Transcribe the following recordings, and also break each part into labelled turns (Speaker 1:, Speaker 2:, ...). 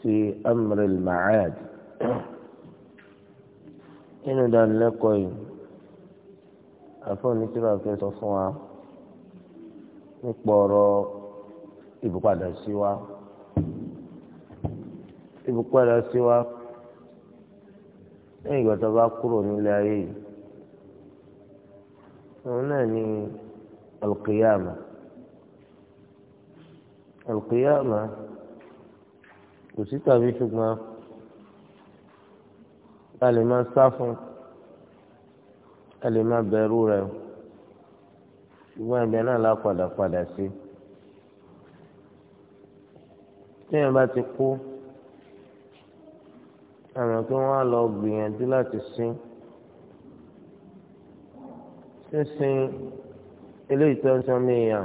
Speaker 1: في أمر ma'ad إنه دان لقوي أفوني تبا في صفوة نقبرو ìbùpadà sí wa ìbùpadà sí wa lẹ́yìn ìgbà tó bá kúrò nílé ayé yìí òun ni kò sí tàbí ṣùgbọ́n a lè máa sá fún a lè máa bẹ̀rù rẹ̀ ṣùgbọ́n ẹ̀bẹ̀ náà la padà padà sí téèyàn bá ti kú àmọ́ kí wọ́n á lọ gbìyànjú láti sin sísin eléyìí tó ń sọ mí yàn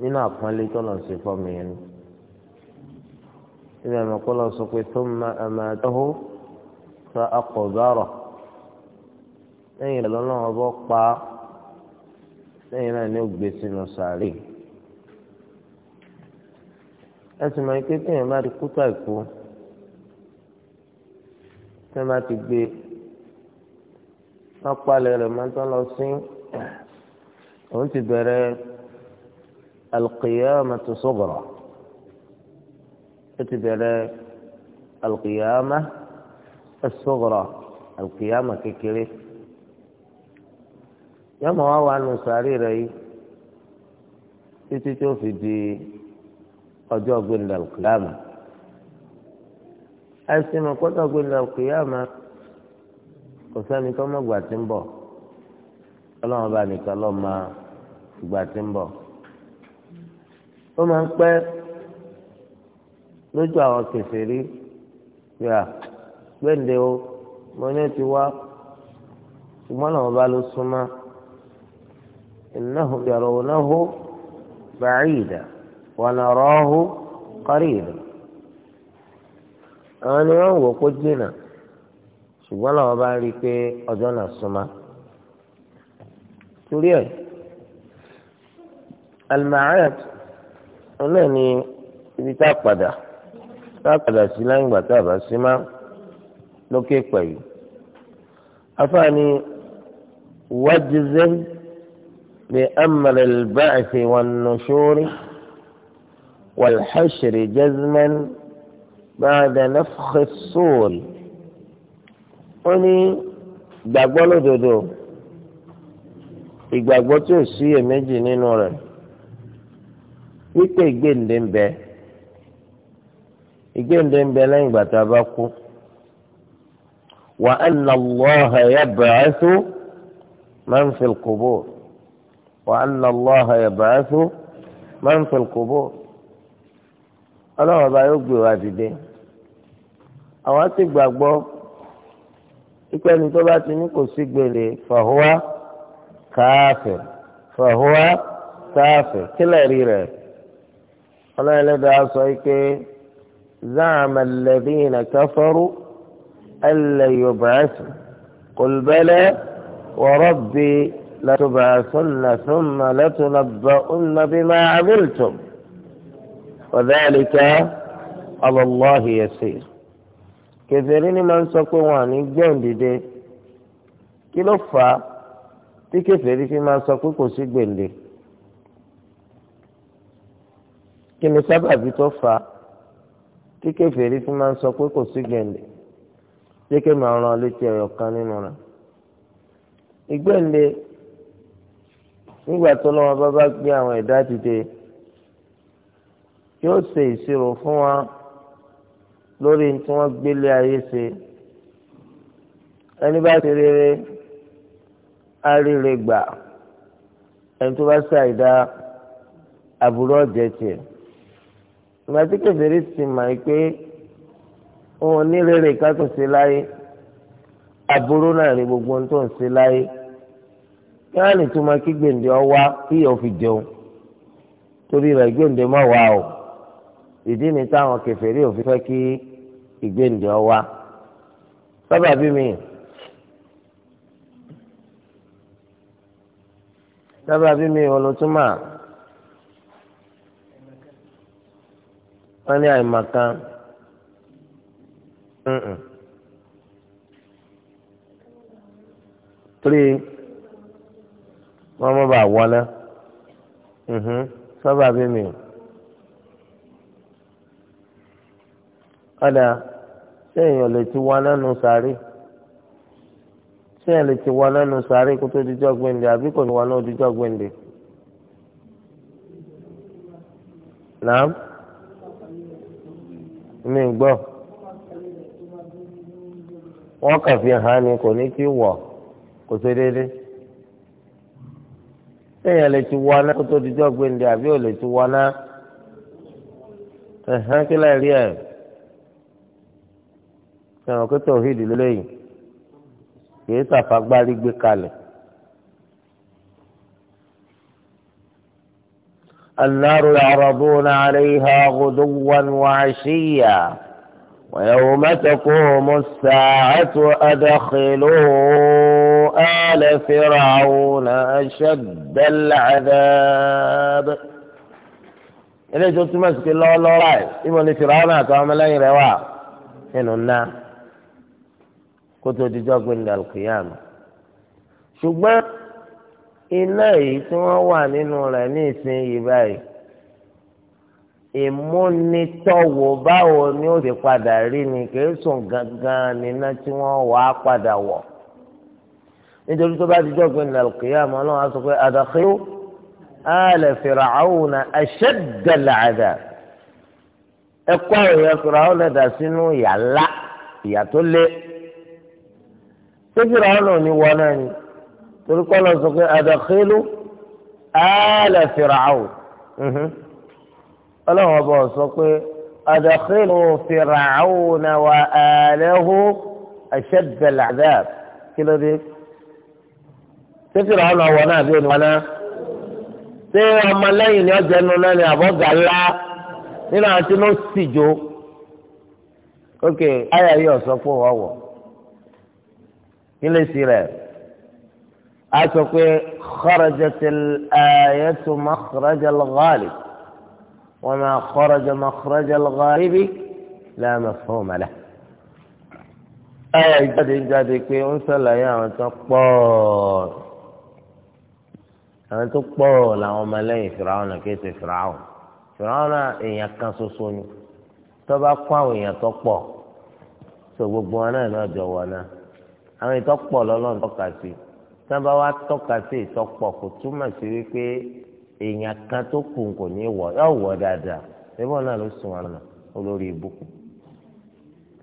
Speaker 1: nínú àpọ́nlé tó lọ sí fọ́ mi yẹn ni. إذا ما قل سقي ثم أماته فأقبره أي لنا بقى lẹ́yìn náà ni ó gbé sínú sàárè ẹ sì máa ké téèyàn bá ti kú tó àìkú tẹ bá ti gbé wọn palẹ̀ rẹ̀ máa tán lọ sí òun ti bẹ̀rẹ̀ alqiyamatu sughra. ó ti bẹ̀rẹ̀ alqiyama as-sughra alqiyama yọmọ wa wà nù sàárì rẹ yìí títí tó fi di ọjọ́ gbẹ̀ndà alqiyama àìsàn ìkọ́tọ̀ gbẹ̀ndà alqiyama kò sẹ́ni tó mọ̀ gbà tí ń bọ̀ ọlọ́run bá nìkan máa gbà tí lójú àwọn kèfèrí yà gbẹ̀ǹde o mo ní ti wá ṣùgbọ́n làwọn bá ló súnmọ́ innahum yarawnahu ba'ida wa narahu qarida àwọn ni wọ́n wò kó jìnnà ṣùgbọ́n làwọn bá rí i pé ọjọ́ náà súnmọ́ torí ẹ̀ al-ma'ad ọlọ́ọ̀ni ibi tá a padà tá a padà sí lẹ́yìn ìgbà tá a bá sí má lókè pẹ̀lú. afáàní wájizẹ́n lè amẹ̀rẹ̀ báyìí wọn nù sórí والحشر جزما بعد نفخ الصور ó ní gbàgbọ́ lódodo ìgbàgbọ́ tí ò sí èméjì nínú rẹ̀ wípé ìgbéǹde ń bẹ ìgbéǹde ń bẹ lẹ́yìn ìgbà tá a bá kú wa anna Allaha yab'athu man fil qubur wa anna Allaha yab'athu man fil qubur ọlọ́run ọba yóò gbé wa dìde àwọn ti gbàgbọ́ ìpẹ́ni tó bá ti ní kò sí gbèrè fahuwa káfir fahuwa káfir kílẹ̀ rí rẹ̀ ọlọ́run ẹlẹ́dàá sọ pé. زعم الذين كفروا أن ألا يبعثوا قل بلى وربي لتبعثن ثم لتنبؤن بما عملتم وذلك على الله يسير كثيرين من سكواني جنددي كلفا تكفيري فيما من سجنددي كم سبب توفى tí kèfèrí fi máa ń sọ pé kò sí gbẹ̀ǹdẹ̀ jẹ́ kí màá ran létí ẹ̀yọ̀ kan nínú rẹ̀ ìgbẹ̀ǹdẹ̀ nígbà tó lọ́wọ́ bá bá gbé àwọn ẹ̀dá dìde yóò ṣe ìṣirò fún wa lórí tí wọ́n gbélé ayé ṣe ẹni bá ṣe rere á gbà ẹni tó bá ṣe àìdá àbúrò ọ̀jẹ̀ tiẹ̀ ìgbà tí kẹfẹ́rí sì mà yìí pé òun ò ní rere ìkàtún sí láyé aburú náà ní gbogbo ohun tó ń ṣe láyé kí wọn lè túmọ̀ kí gbèǹde ọwá kí yóò fi jẹun torí rẹ̀ gbèǹde mọ wá o ìdí ni táwọn kèfèrí òfin fẹ́ kí ìgbèǹde ọwá sábà bí mi sábà bí mi olùtúmọ̀ wọ́n ní àìmọ̀kan three wọ́n mọ̀ bá wọná mm-hmm. sábà bí mi ọ̀dà ṣé èèyàn lè ti wọná nù sáré ṣé èèyàn lè ti wọná nù sáré kó tó dijọ́ gbẹ̀ǹdẹ̀ àbí kò ní wọná ó dijọ́ gbẹ̀ǹdẹ̀ nàá. mi gbọ́ wọ́n kàn fi hàn ni kò ní ti wọ̀ kò ṣe déédéé sẹ́yìn lè ti wọ aná kó tó di jọ́ gbẹ̀ǹdẹ̀ àbí ò lè ti wọ aná ẹ̀hán kí láì rí ẹ̀ sẹ́wọ̀n kó tó hídìí النار يعرضون عليها غدوا وعشيا ويوم تقوم الساعة أدخلوا آل فرعون أشد العذاب إلي جوت مسك الله الله رأي إما فرعون كما لا يروا إن النار كنت تجاك من القيامة بقى iná èyí tí wọ́n wà nínú rẹ̀ ní ìsinyìí báyìí ìmúnitọ́wò báwo ni ó ti padà rí ni kìí sùn gangan níná tí wọ́n wà á padà wọ̀ nítorí tó bá ti jọ́gbìn nàìjíríà ọlọ́run á sọ pé àdàkíw àlẹ fìràhùn àṣẹdẹlẹ àdà ẹkọ ìyẹn fìràhùn ẹdà sínú ìyà ńlá ìyà tó lé ṣé fìràhùn ò ní wọ náà ni torí kọ́ lọ sọ pé àdàkélú àlẹ́ fìràwù ọlọ́run ọba sọ pé àdàkélú fìràwù náà wà àlẹ́hu àṣẹ́bẹ̀lẹ̀ àdáàb kí ló dé ṣé fìràwù náà wọ̀ náà bí oníwọ̀n náà ṣé ọmọlẹ́yìn ni ọjà ẹnu náà ni àbọ̀gà ńlá nínú àti ló sì jó ok ayé ayé ọ̀sán fún ọ̀wọ̀ kí lè sí rẹ̀ a sọ pé kharajatil ayatu makhrajal ghalib wa ma kharaja makhrajal ghalibi la mafhuma lahu. ayé jáde jáde pé ó ń sàlàyé àwọn tó pọ̀ àwọn tó pọ̀ làwọn ọmọlẹ́yìn fìràwọn kéde fìràwọn fìràwọn èèyàn kan ṣoṣo ni tó bá kó àwọn èèyàn tó pọ̀ so gbogbo wọn náà ní ọjọ́ wọn náà àwọn ètò pọ̀ lọ́lọ́run tọ́ka sí tí wọ́n bá wá tọ́ka sí ìtọ́pọ̀ kò túmọ̀ sí wípé èèyàn kan tó kù kò ní wọ̀ yọ wọ̀ dáadáa ẹ̀bùn náà ló sùn wọn olórí ibú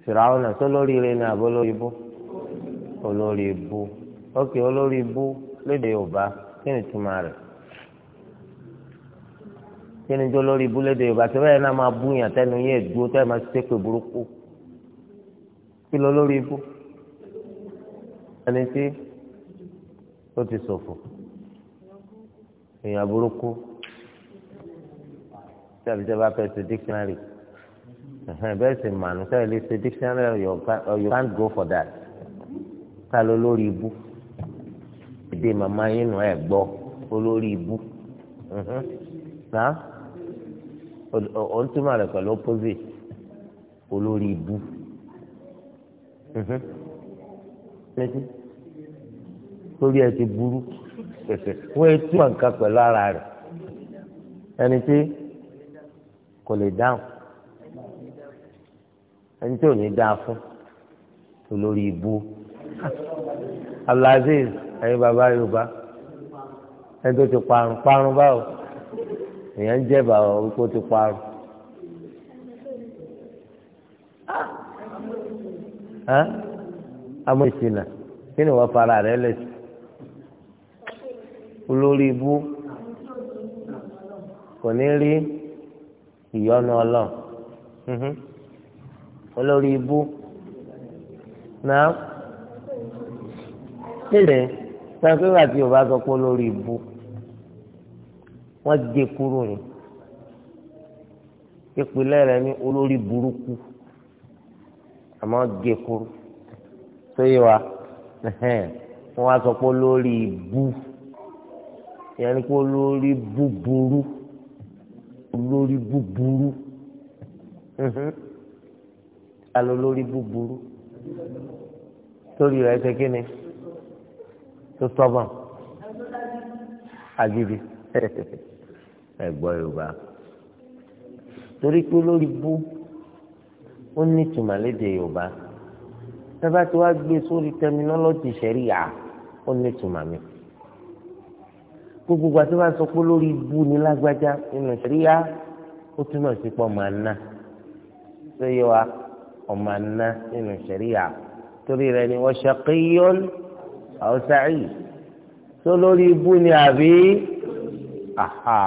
Speaker 1: fìràwọn náà tó lórí ní olórí ibú olórí ni túmọ̀ rẹ̀ ni lórí ibú Yorùbá tí wọ́n máa tẹnu ó ti ṣòfò èèyàn burúkú tàbí tẹ́ bá fẹ́ ṣe dictionary bẹ́ẹ̀ sì mànú sẹ́yìn lè ṣe dictionary you can't go for that ta ló lórí ibú èdè màmá yín nù ẹ̀ gbọ́ olórí ibú ná ó ń túmọ̀ rẹ̀ pẹ̀lú opposite olórí ibú torí ẹ ti burú wọ́n etí wọn kan pẹ̀lú ara rẹ̀ ẹni tí kò lè dáhùn ẹni tí ò ní dáa fún olórí ibú Abdulaziz ẹyin bàbá Yorùbá ẹni tó ti parun parun báwo èèyàn ń jẹba orúkọ ti parun. amúnisìnà kí ni wọ́n fara rẹ̀ lẹ́sìn olórí ibú kò ní rí ìyọ́nú ọlọ́run mhm. olórí ibú náà nílẹ̀ sanfẹ́wà tí o bá sọ pé olórí ibú wọ́n gé kúrò ní ìpìlẹ̀ rẹ̀ ní olórí burúkú àmọ́ gé kúrò tó wa wọ́n wá sọ pé olórí ibú ìyẹn ni pé olórí búburú olórí búburú mhm. alo olórí búburú
Speaker 2: torí rẹ̀ ṣe kí ni
Speaker 1: tó tọ́gbọ̀n agídí ẹ̀gbọ́n yorùbá torí pé olórí bú ó ní ìtumọ̀ lédè yorùbá tẹ́bá tí wàá gbé sórí tẹminọ́lọ́jì ṣẹ̀ríyà ó ní ìtumọ̀ gbogbo àti wàá sọ pé lórí ibu ni lágbájá nínú ìṣẹ̀ríyá ó túmọ̀ sí pé ọmọ àná ṣé yẹ wa ọmọ àná nínú ìṣẹ̀ríyá torí rẹ ni wọ́n ṣàkíyọ́n àwòsàáyì tó lórí ibu ni àbí aha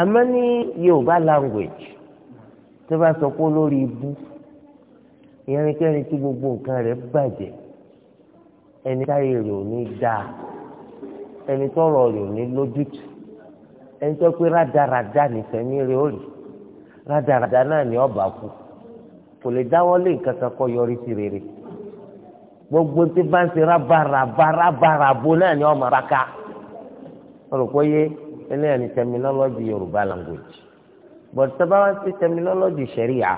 Speaker 1: àmọ́ ní yorùbá language tó bá sọ pé lórí ibu ìyẹn ni kẹ́ni tí gbogbo nǹkan rẹ̀ bàjẹ́ ẹni táyé rẹ̀ ní dáa ẹni tọrọ rẹ̀ ò ní lójútù ẹni tó pé rádaràda nìfẹ̀mí rẹ̀ ó rí rádaràda náà ní ọba kú kò lè dáwọ́ lé nǹkan kan kọ́ yọrí sí rere gbogbo tí bá ń ṣe rábàràbàràbàràbò náà ní ọmọ raka olùkọ́ yé eléyà ní terminology yorùbá language but tó bá wá sí terminology sẹ́ríà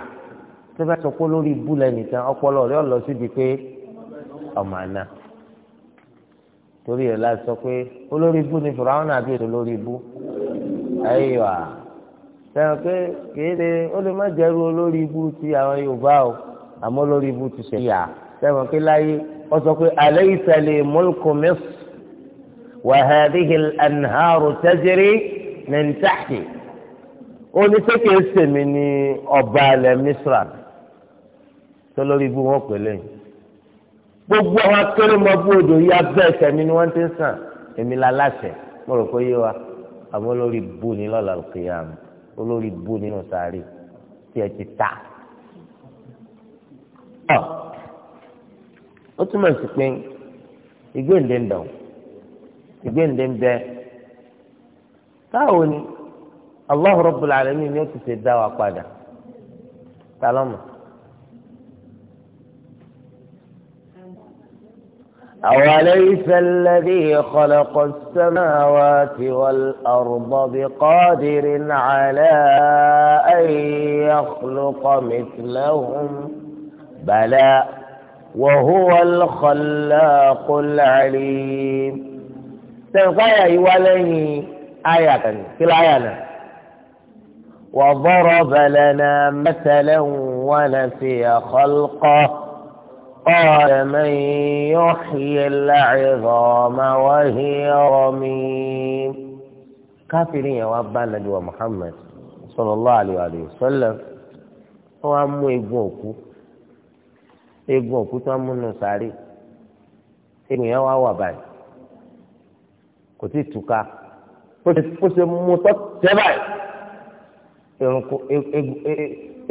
Speaker 1: tó bá sọ pé lórí ibú lẹ́nìkan ọpọlọ rẹ̀ ọ̀ lọ síbi pé ọmọ àná torí ẹ̀ láti sọ pé olórí ibú ni fìràwọn àbí ètò olórí ibú ayiwa sẹ́wọ̀n pé kéde ó lè má jẹ́rú olórí ibú ti àwọn Yorùbá o àmọ́ olórí ibú ti ṣe yà sẹ́wọ̀n pé láyé ó sọ pé alaysa li mulku Misr wa hadhihi al-anharu tajri ó ní sẹ́kẹ̀ẹ́ sèmi ní ọba alẹ́ Misra tó lórí ibú wọn pè lẹ́yìn. gbogbo àwọn akéré mọ bú odò ya bẹ́ẹ̀ sẹ́mi ni wọ́n ti ń sàn èmi la láṣẹ mo rò pé yé wa àmọ́ olórí bù ní lọ́la olórí bù nínú tí ẹ ti ta. ó túmọ̀ sí pé ìgbéǹde ń dàn ìgbéǹde ń bẹ táwọn ni Allahu Rabbul Alamin ni ó ti ṣe dá wa padà أوليس الذي خلق السماوات والأرض بقادر على أن يخلق مثلهم بلى وهو الخلاق العليم تنقايا يوالي آية في الآية وضرب لنا مثلا ونسي خلقه قال من يحيي العظام وهي رميم كافرين يا أبا النبي محمد صلى الله عليه وآله وسلم هو أمو إبوكو egun òkú tó ń múnú sáré egun yẹn wá wà báyìí kò tí ì túká kó ṣe mú tọ́ tẹ́ báyìí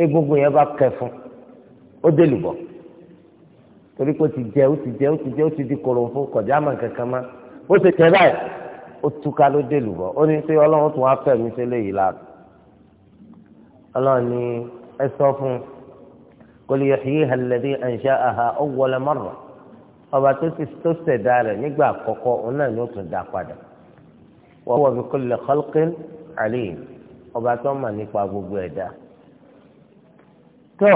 Speaker 1: egungun yẹn bá kẹ fún ó délùbọ̀ torí pé ó ti jẹ ó ti jẹ ó ti jẹ ó ti di korofo kọjá mà kankan má ó ti tẹ báyìí ó túká ló dé lùbọ ó ní pé ọlọ́run tún wá fẹ́ mi sí léyìí la ọlọ́run ní ẹ sọ fún qul yuhyiha alladhi ansha'aha awwala marra ọba tó ti tó ṣẹ̀dá rẹ̀ nígbà àkọ́kọ́ òun náà ni ó tún dá padà wa huwa bi kulli khalqin alim ọba tó mà nípa gbogbo ẹ̀dá tó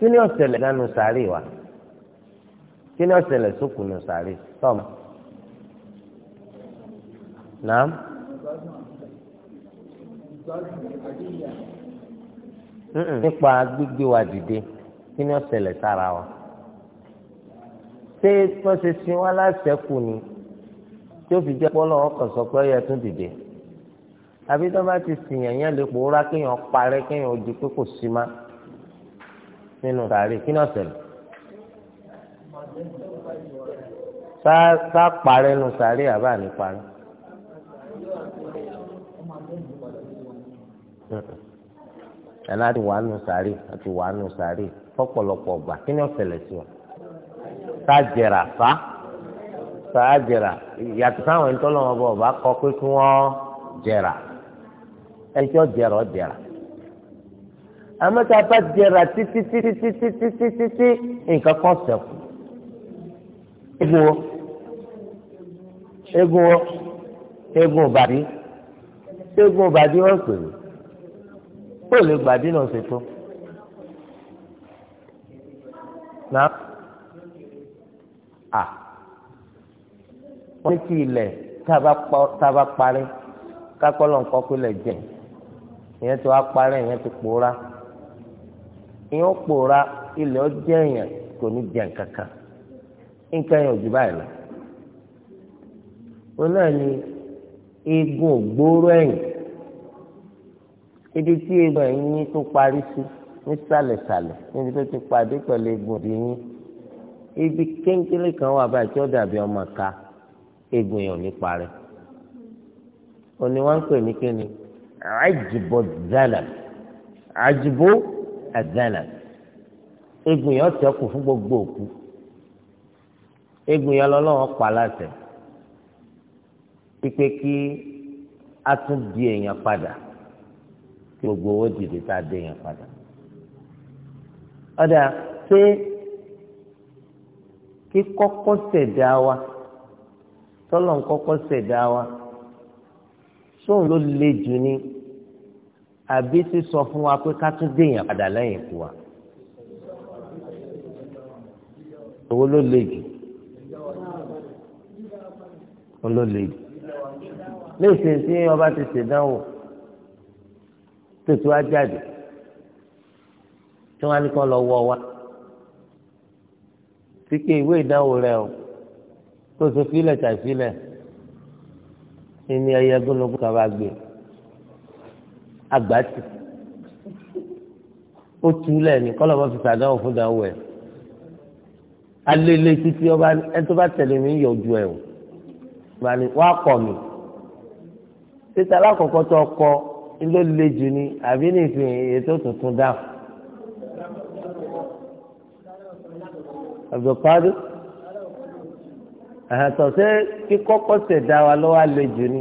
Speaker 1: kí ni ọ̀sẹ̀lẹ̀ dánú sàárè wa kí ni ọ̀sẹ̀lẹ̀ sókùnù sàárè tọ́mù nàám. nípa gbígbé wa dìde kí ni ọ̀sẹ̀lẹ̀ sára wa ṣé wọ́n ṣe sin wá láṣẹ́kù ni tí ó fi jẹ́ pọ́lọ́ ọkọ̀ sọ pé ó yẹ tún dìde àbí tó bá ti sìn yẹn lè pòórá kéèyàn parẹ́ kéèyàn ojú pé kò sí máa nínú sàárè kí ni ọ̀sẹ̀ lọ. sá parẹ́ nu sàárè àbá ní parẹ́. ẹ̀la ti wà nù sàárè àti wà nù sàárè fọ́pọ̀lọpọ̀ gbà kí ni ọ̀sẹ̀ lẹ̀ sí ọ. sá jẹrà fa yàtọ̀ sáwọn ẹni tó lọ́wọ́ bọ̀ ọba kọ pé kí wọ́n jẹrà ẹni tí wọ́n jẹrà ọ jẹrà àmọ́ tá a bá jẹrà títí títí títí títí títí nǹkan kan ṣẹ́kù egun wo egun wo egun ìbàdí egun ìbàdí wọn pè é kó lè gbàdí náà ṣètò náà à wọ́n ti ilẹ̀ tába parí kápọ́lọ̀ nǹkan kó lè jẹ ìyẹn tó wá parí ìyẹn ti pòórá ìyẹn pòórá ilẹ̀ ọjọ́ èèyàn kò ní jẹ nǹkan kan nǹkan yẹn ò jù báyìí lọ. ó náà ni eegun ògbóró ẹ̀yìn ibi tí eegun ẹ̀yìn yín tó parí sí nísàlẹ̀sàlẹ̀ níbi tó ti pàdé pẹ̀lú eegun òdì yín ibi kéńkéré kan wà báyìí tí ó dàbí ọmọ ká eegun yẹn ò ní parí. òní wọ́n ń pè ní kíni àjìbọ̀ zálà àjìbọ̀ àdánà egun yẹn ọ̀tẹ̀kù fún gbogbo òkú egun yẹn lọ́lọ́wọ́ pa láṣẹ pípé kí a tún di èèyàn padà kí gbogbo owó dìde tá a di èèyàn padà ọ̀dà ṣé kí kọ́kọ́ ṣẹ̀dá wa tọ́lọ̀ ń kọ́kọ́ ṣẹ̀dá wa sóun ló le jù ní àbí sísọ fún wa pé ká tún déèyàn padà lẹ́yìn ikú wa owó ló le jù owó ló le jù léèsì tí ọba ti ṣèdánwò tètè wá jáde tí wọn á ní kó lọ wọ wa sí pé ìwé ìdánwò rẹ o tó ṣe fílẹ̀ tàì ẹni ẹyẹ gbólógún kan bá gbé agbátì ó tu lẹ́ni kọ́lọ́ bá fi sàdánwò fún ìdánwò ẹ̀ alele títí ọba ẹni tó bá tẹ̀lé mi yọ ojú ẹ̀ o bá ní wá kọ̀ mi títa alákọ̀ọ́kọ́ tó kọ ló le jù ni àbí ní ìfihàn ètò tuntun dáhùn. Abdulkadir àtọ̀ sẹ́ kíkọ́kọ́ ṣẹ̀dá wa lọ́wọ́ alẹ́ jù ni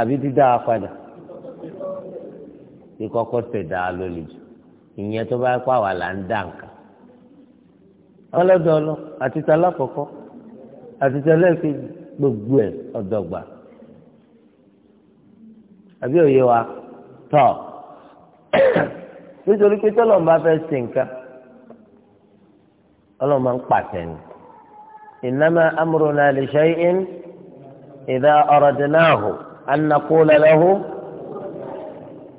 Speaker 1: àbí dídá wa padà. kí kọ́kọ́ ṣẹ̀dá lórí jù ìyẹn tó bá pa wà là ń dà nǹkan ọlọ́dọọlọ gbogbo ẹ̀ ọ̀dọ́gba àbí òye wa tọ̀ nítorí pé tọ́lọ́mù bá fẹ́ ṣe nǹkan ń pàṣẹ ni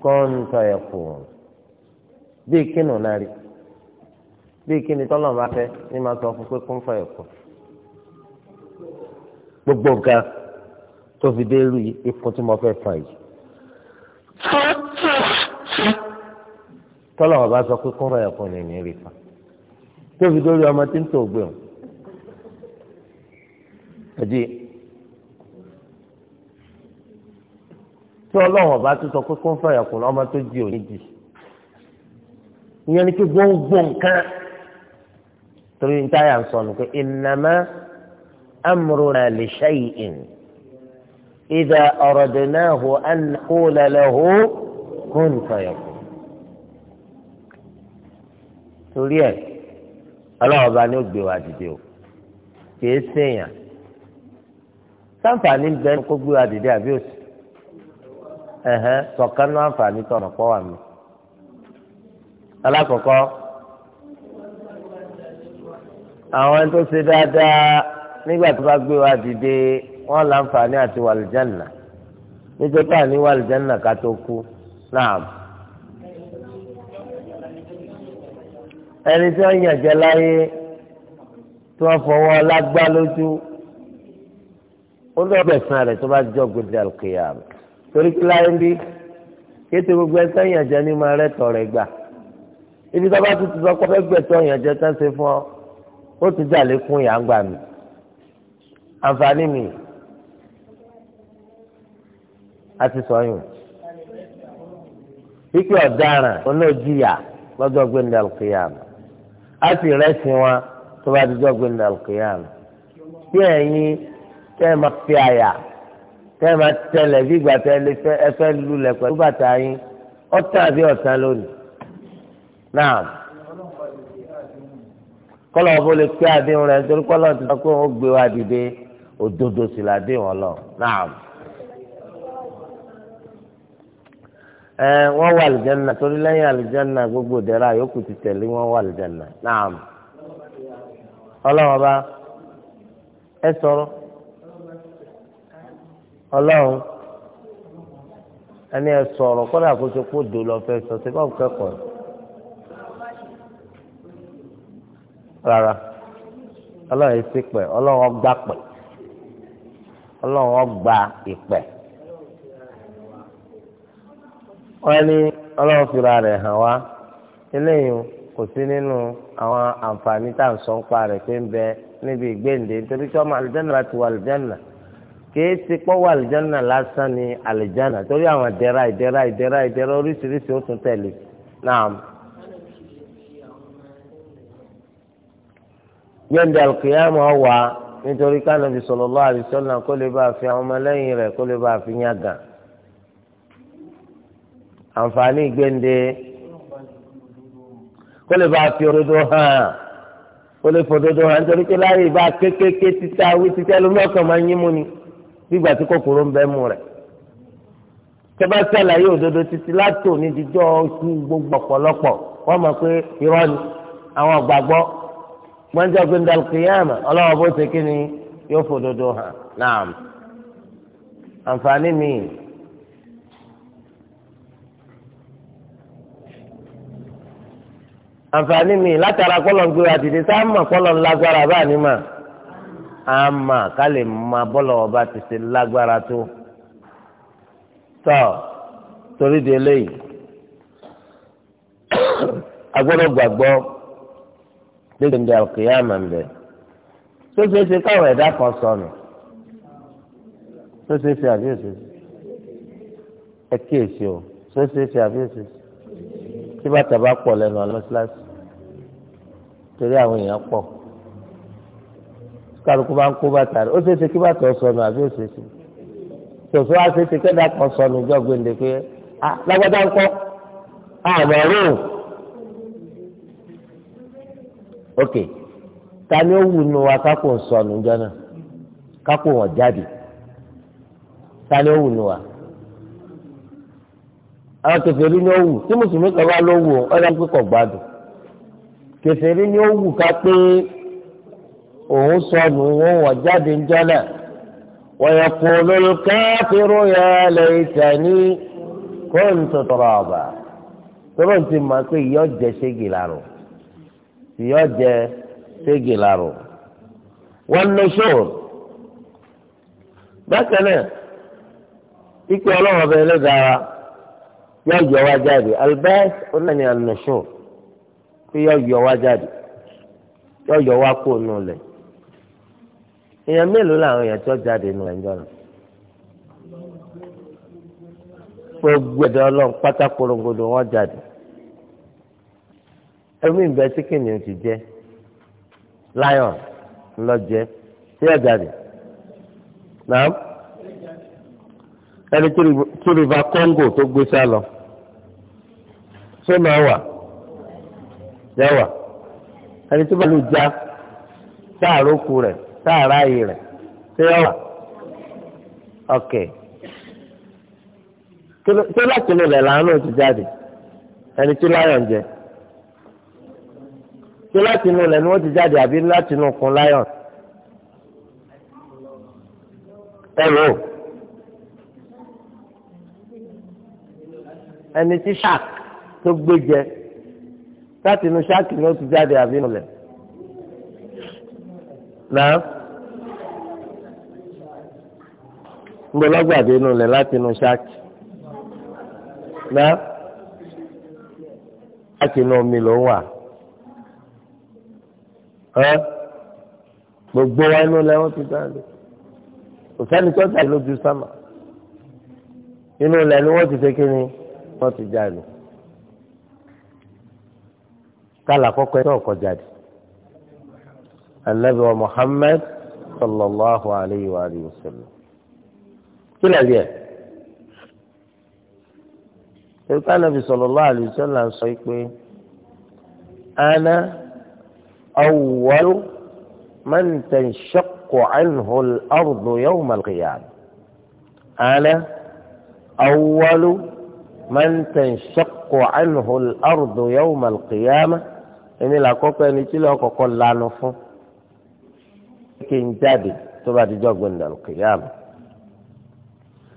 Speaker 1: kọ́ńtà ẹ̀kọ́ bíi kínú náà rí bíi kíni tọ́lọ̀ máa fẹ́ ní máa sọ fún pé kọ́ńtà ẹ̀kọ́ gbogbo nǹkan tó fi dé irú ikun tí mo fẹ́ fà yìí tọ́lọ̀ ọba sọ pé kọ́ńtà ẹ̀kọ́ ni ní rí fa tó fi dórí ọmọ tí ń tó gbé wọn. tí ọlọ́run ọba tó sọ pé kó ń fàyà kùn ọmọ tó di òní di ìyẹn ni pé gbogbo nǹkan torí ní táyà ń sọ nù pé innama amruna li shay'in idha aradnahu an naqula lahu kun fayakun. torí ẹ ọlọ́run ọba ni ó gbé wa dìde o kì í ṣèyàn sáǹfààní bẹ́ẹ̀ kó gbé wa dìde àbí òsì. ẹ̀hẹ́ sọ̀kan náà àǹfààní tọ̀nà pọ̀ wà mí. alákọ̀ọ́kọ́ àwọn ẹni tó ṣe dáadáa nígbà tó bá gbé wa dìde wọ́n láǹfààní àti wàlìjánà nítorí pé Ní wàlìjánà ká tó kú náà. ẹni tí wọ́n yàn jẹ láyé tí wọ́n fọwọ́ lágbá lójú ó lọ́ọ́ rẹ̀ tó bá jọ gbèdé torí kí láyé ń bí kéte gbogbo ẹsẹ̀ ìyànjẹ ní máa rẹ tọrẹ gbà ibi tó bá tún ti sọ pé fẹ́ gbẹ̀tọ́ ìyànjẹ tán ṣe fún ọ ó tún jà lékún ìyá ń gbà mí àǹfààní mi a ti sọ yùn pípẹ́ ọ̀daràn onájìyà lọ́jọ́ gbẹ̀ndẹ̀ alùkìyàmù a sì rẹ́sìn wọn tó bá dijọ́ gbẹ̀ndẹ̀ alùkìyàmù bí ẹ̀yin tẹ́ ẹ máa fi àyà. tẹ́ máa tẹlẹ̀ bí ìgbà tẹ́ lè fẹ́ ẹ fẹ́ lulẹ̀ pẹ̀lú bàtà yín ọ̀tàn àbí ọ̀tàn lónìí. náà kọ́lọ̀ ọ̀bọ lè pé àdéhùn rẹ̀ nítorí kọ́lọ̀ ti sọ pé ó gbé wa dìde òdodo sì làdéhùn ọlọ náà. ẹ wọ́n wà torí lẹ́yìn gbogbo ìdẹ̀ra yòókù ti tẹ̀lé wọ́n wà àlùjánnà náà. ọlọ́wọ́n bá ẹ sọ̀rọ̀. ọlọ́run ẹni ẹ sọ̀rọ̀ kọ́ àkóso kó dò lọ fẹ́ sọ síbá òun kẹ́kọ̀ọ́ rárá ọlọ́run ẹ sípẹ̀ ọlọ́run ọgbà pẹ̀ ọlọ́run ọgbà ìpẹ̀ wọ́n ní ọlọ́run fìlà rẹ̀ hàn wá eléyìí kò sí nínú àwọn àǹfààní tá à ń sọ ń pa rẹ̀ pé ń bẹ níbi ìgbéǹde nítorí tí ọmọ àlùjánnà ti wà àlùjánnà. kìí ṣe pọ́wọ́ àlìjánà lásán ni àlìjánà torí àwọn ìdẹ̀ra ìdẹ̀ra ìdẹ̀ra ìdẹ̀ra oríṣiríṣi ó tún tẹ̀lé náà. gbẹ̀ndẹ̀ àlùkìyàmọ̀ wà nítorí kánàbì sallallahu alaihi wasallam kó lè bá fi àwọn ọmọlẹ́yìn rẹ̀ kó lè bá fi yàn gàn. àǹfààní gbẹ̀ndẹ̀ kó lè bá fi òdodo hàn kó lè fòdodo hàn nítorí pé láyé ìbá kékeré títà wí títà lómi ọkàn máa gbígbà tí kòkòrò ń bẹ mú rẹ̀ tẹ́bá sàlàyé òdodo títí látò ní jíjọ́ oṣù gbogbo ọ̀pọ̀lọpọ̀ wọ́n mọ̀ pé irọ́ ni àwọn gbàgbọ́ gbọ́njọ́ gbẹ̀ndàlù kìyàmà ọlọ́wọ́ bó ṣe kíni yóò fòdodo hàn náà àǹfààní mi. àǹfààní mi látara kọ́lọ̀ ń gbé wa dìde sáà mọ̀ kọ́lọ̀ ń lágbára báà ní mà ama, ká lè máa bọ́lọ̀ ọba ti ṣe lágbára tó tọ́ torí di eléyìí agbọ́dọ̀ gbàgbọ́ nígbà tí àkìyà àmà ń bẹ̀ tó ṣe é ṣe káwọn ẹ̀dá kan sọnù tó ṣe é ṣe àbíyèsí ẹ kíyèsí o tó ṣe é ṣe àbíyèsí tí bàtà bá pọ̀ lẹ́nu ọlọ́síláṣí torí àwọn èèyàn pọ̀ kálukú bá ń kó bàtà rẹ̀ ó ṣe é ṣe kí bàtà ọ sọnù àbí ó ṣe é ṣe ṣe é ṣe kẹ́dà kan sọnù ìjọ gbèǹde pé lágbádá ń kọ́ àmọ́ rún ok ta ni ó wù nù wa kápò ń sọnù ìjọ náà kápò wọn jáde ta ni ó wù nù wa àwọn kèfèrí ni ó wù tí mùsùlùmí kan bá ló ọ ọ yà pé kò gbádùn kèfèrí ni ó wù ká pé òun sọnù wọn wọ̀ jáde ń jọ́nà wọ̀nyẹ kò lóyún káfíró yẹ lẹ́yìn tẹ̀lé kó n tó tọrọ ọ̀bà tọrọ ti mọ̀ pé ìyọ́ jẹ ségi lárò ìyọ́ jẹ ségi lárò wọn lọ sóòrò bákan náà ikú ọlọ́wọ́ bẹ́ẹ̀ ló dára yọ yọ wá jáde albert onáni ànàṣọ pé yọ yọ wá jáde yọ yọ wá kó nù lẹ́yìn èèyàn mélòó làwọn èèyàn tó jáde nù ẹjọ́ náà gbogbo ẹ̀dá ọlọ́run pátá korongodo wọn jáde ẹ̀mí ìbẹ́ tí kìnìún ti jẹ́ lion ńlọ́jẹ́ tí ẹ̀ jáde náà ẹni tí rìvà kọ́ńgò tó gbé sá lọ ṣé máa wà yẹ wà ẹni tí bàálù já sáà rókù sáàrà yìí rẹ̀ ṣé ọ wà ok ṣé láti lè rẹ̀ làánú ti jáde ẹni tí láyọ̀ ń jẹ ṣé láti inú rẹ̀ ni wọ́n ti jáde àbí láti inú kun láyọ̀ ẹ̀rọ ẹni tí ṣáàkì tó gbé jẹ láti inú ṣáàkì ni wọ́n ti jáde àbí inú rẹ̀ náà ń bọ lọ́gbàdé nù lẹ̀ láti inú ṣáàkì náà láti inú omi ló ń wà ẹ́ gbogbo wa inú lẹ́wọ́n ti dáadé kò sẹ́ni tó jáde lójú sámà inú ilẹ̀ ni wọ́n ti ṣe kí ni wọ́n ti jáde kálá kọ́kọ́ ẹ̀ tó ọkọ̀ jáde anabi wa muhammed sallallahu alayhi wa alihi wa sallam kí lè rí ẹ ìrúkà anabi sallallahu alayhi wa sallam sọ pé ana awwal man tanshaqqu anhu al-ardu yawm al-qiyamah ana awwal man tanshaqqu anhu al-ardu yawm al-qiyamah èmi làkọ́kọ́ ẹni tí lọ́kọ̀ọ́kọ́ lanu fún. kí n jáde tó bá ti jọ gbẹ̀ndà kìyàmù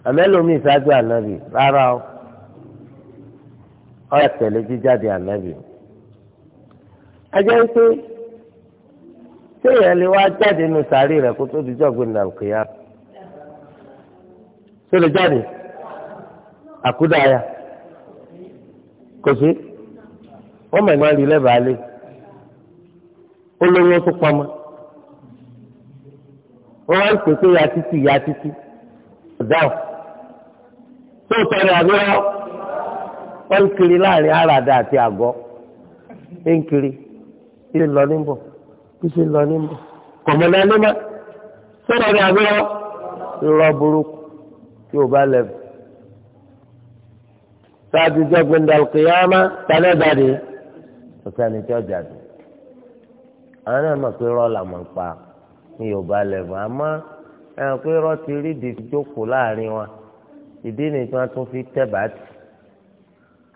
Speaker 1: àmẹ́lòmí ìsájú ànábì rárá o ọ̀rẹ́ tẹ̀lé jíjáde ànábì o ń pé téèyàn lè wá jáde nù sàárì rẹ kó tó di jọ gbẹ̀ndà kìyàmù tó lè jáde àkúdàáyà kò sí wọ́n mọ̀ ẹ́ rí lẹ́bàá lé wọ́n wá ìpè pé ya títí ya títí ọ̀dáwọ̀ tó tẹ̀lé àbúrò wọ́n ń kiri láàrin àràdà àti àgọ́ ń kiri kí ṣe lọ ní bọ̀ kí ṣe lọ ní bọ̀ kọ̀mọ̀nà ní ma
Speaker 2: sọ̀rọ̀ ní àbúrò irọ́
Speaker 1: burúkú tí o bá lẹ́bù sáájú jọ́gbìn dàlùkìyàmá tani ẹ̀dá de ọ̀sán ni tí ọjà dùn àwọn náà mọ̀ pé rọ́ọ̀lù àmọ̀ ń pa ní yorùbá lẹ́bùn àmọ́ ẹ̀hàn pé rọ́ọ̀tì rídì jókòó láàrin wa ìdí ni tí wọ́n tún fi tẹ̀ bàtì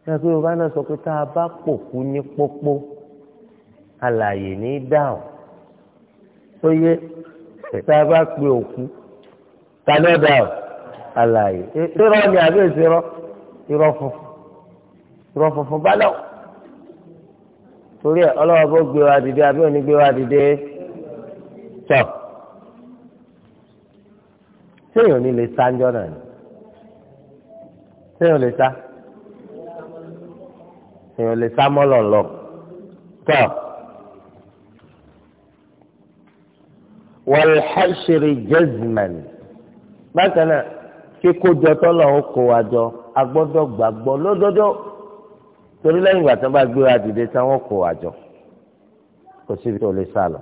Speaker 1: ẹ̀hàn pé yorùbá náà sọ pé tá a bá pòkú ní pópó alàyè ní dáhùn tó yé tá a bá pe òkú tá a náà dáhùn alàyè irọ́ ni àbí ìṣirọ́ irọ́ funfun irọ́ funfun bá lọ torí ẹ ọlọ́wọ́ bó gbé wa dìde àbí òní gbé wa dìde tọ́ séèyàn ní lè sá ńjọ́ náà ni séèyàn lè sá séèyàn lè sá mọ́lọ̀ lọ tọ́ wal hashri jazman bákan náà kíkójọ tọ́lọ̀ ń kó wa jọ agbọ́dọ̀ gbàgbọ́ lódodo torí lẹ́yìn ìgbà tí wọ́n bá gbé wa dìde tí wọ́n kó wa kò síbi tó lè sá lọ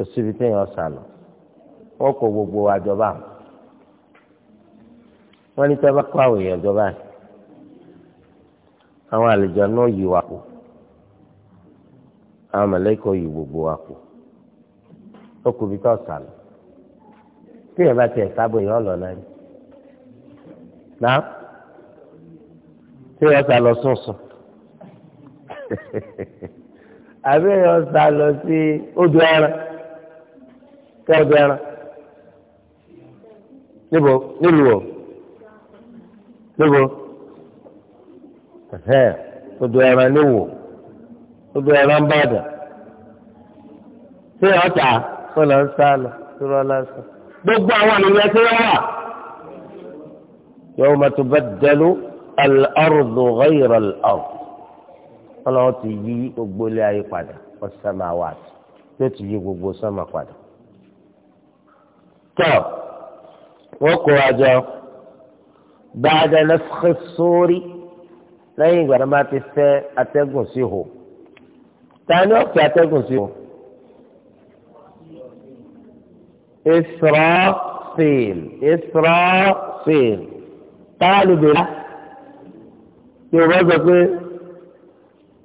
Speaker 1: kò síbi téèyàn sàlọ wọn kò gbogbo àjọba wọn ní tẹ́ bá kó àwọn èèyàn jọba yìí àwọn àlejò náà yí wa kù àwọn mọ̀lẹ́kọ̀ọ́ yí gbogbo wa kù ó bí tó sàlọ téèyàn bá tiẹ̀ sábọ̀ èèyàn lọ náà ni náà téèyàn sàlọ sùn sùn àbí èèyàn sàlọ sí odò ẹran kọ́ ọdún ẹran níbo nílùú o níbo odò ẹran níwò odò ẹran bàdà tí ọ̀tà fọlọ́ ń sá lọ tí wọ́n lọ sọ gbogbo àwọn àlùyẹ tí wọ́n wà. yawma tubaddalu al-ardu ghayra al-ard ọlọ́wọ́ ti yí gbogbo ilé ayé padà ọ̀sán máa wà tó ti yí gbogbo sọ́mà padà tọ́
Speaker 2: wọ́n kó àjọ báadà lẹ́fẹ́
Speaker 1: sórí lẹ́yìn ìgbà tó bá ti fẹ́ atẹ́gùn sí hò ta ni ó fẹ́ atẹ́gùn sí hò Israfil Israfil táàlù yorùbá sọ pé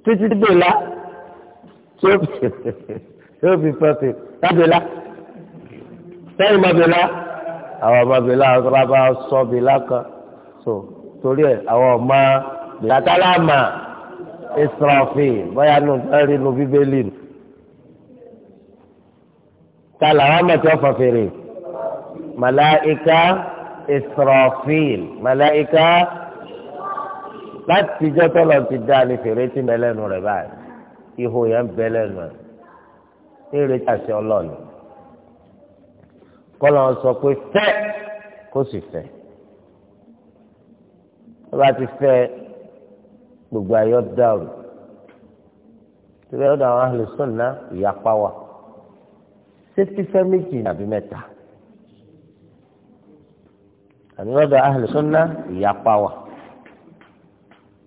Speaker 1: títí bèlà tí ó fi fẹ́ fẹ́ tábèlà sẹ́yìn mọ́bìlá àwọn mọ́bìlá rárá sọ́bìlá kan so torí ẹ̀ àwọn ọmọ làtàlámà israfi bóyá nù ẹ̀rí nù bíbélì nù kálá rámẹ̀tì ọ̀fà fèrè màláìka israfil màláìka láti ìjọ tọ́lọ̀ ti dá ní fèrè tí mẹ́lẹ́nu rẹ̀ báyìí ihò yẹn ń bẹ́lẹ́nu rẹ̀ ní ìrètí àti ọlọ́ọ̀ni. kọlọ sọ pé fẹ́ kó sì fẹ tó bá ti fẹ gbogbo ayọ̀ dàrú torí ọ̀dọ̀ àwọn àlùsùn náà ìyapa wà ṣé fífẹ́ méjì àbí mẹ́ta àbí ọ̀dọ̀ àlùsùn náà ìyapa wà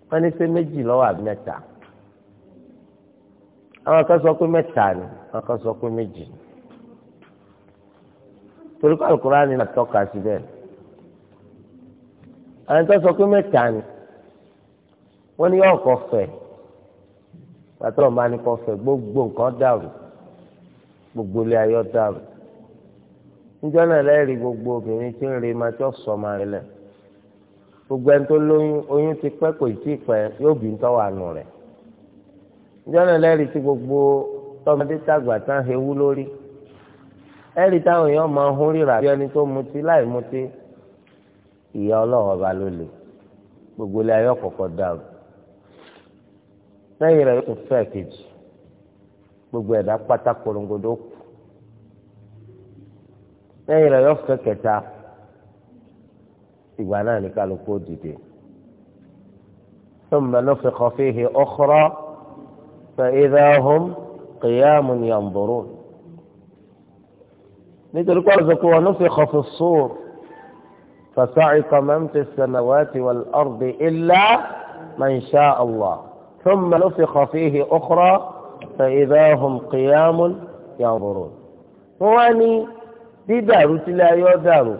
Speaker 1: wọ́n ní ṣé méjì ló wà àbí mẹta àwọn kan pé mẹta ni àwọn kan pé méjì torí pé alukurani náà si sí bẹ́ẹ̀ àwọn pé ni wọ́n ní yóò ni gbogbo dàrú gbogbo dàrú náà gbogbo obìnrin tí ń re sọ ma lẹ. gbogbo ẹni tó lóyún oyún ti pẹ́ kò tí ì pẹ́ yóò bí rẹ̀ náà gbogbo tọ́mọdé tàgbà tán hewú ẹ̀rí táwọn èèyàn máa ń hún ríra bí ẹni tó mutí láì mutí ìyá ọlọ́run ọba ló lè gbogbo ilé ayé ọ̀kọ̀ọ̀kọ̀ dàrú lẹ́yìn rẹ̀ yóò fẹ́ kejì gbogbo ẹ̀dá pátá korongodo kù lẹ́yìn rẹ̀ yóò fẹ́ kẹta ìgbà náà ní kálukú dìde ثم نفخ فيه أخرى فإذا هم قيام ينظرون nítorí pé ọ̀sẹ̀ kó wọn ló fi kọ̀fù sóòr فصعق من في السماوات والأرض إلا من شاء الله ثم نفخ فيه أخرى فإذا هم قيام ينظرون واني dídàrú tí ilé ayé dàrú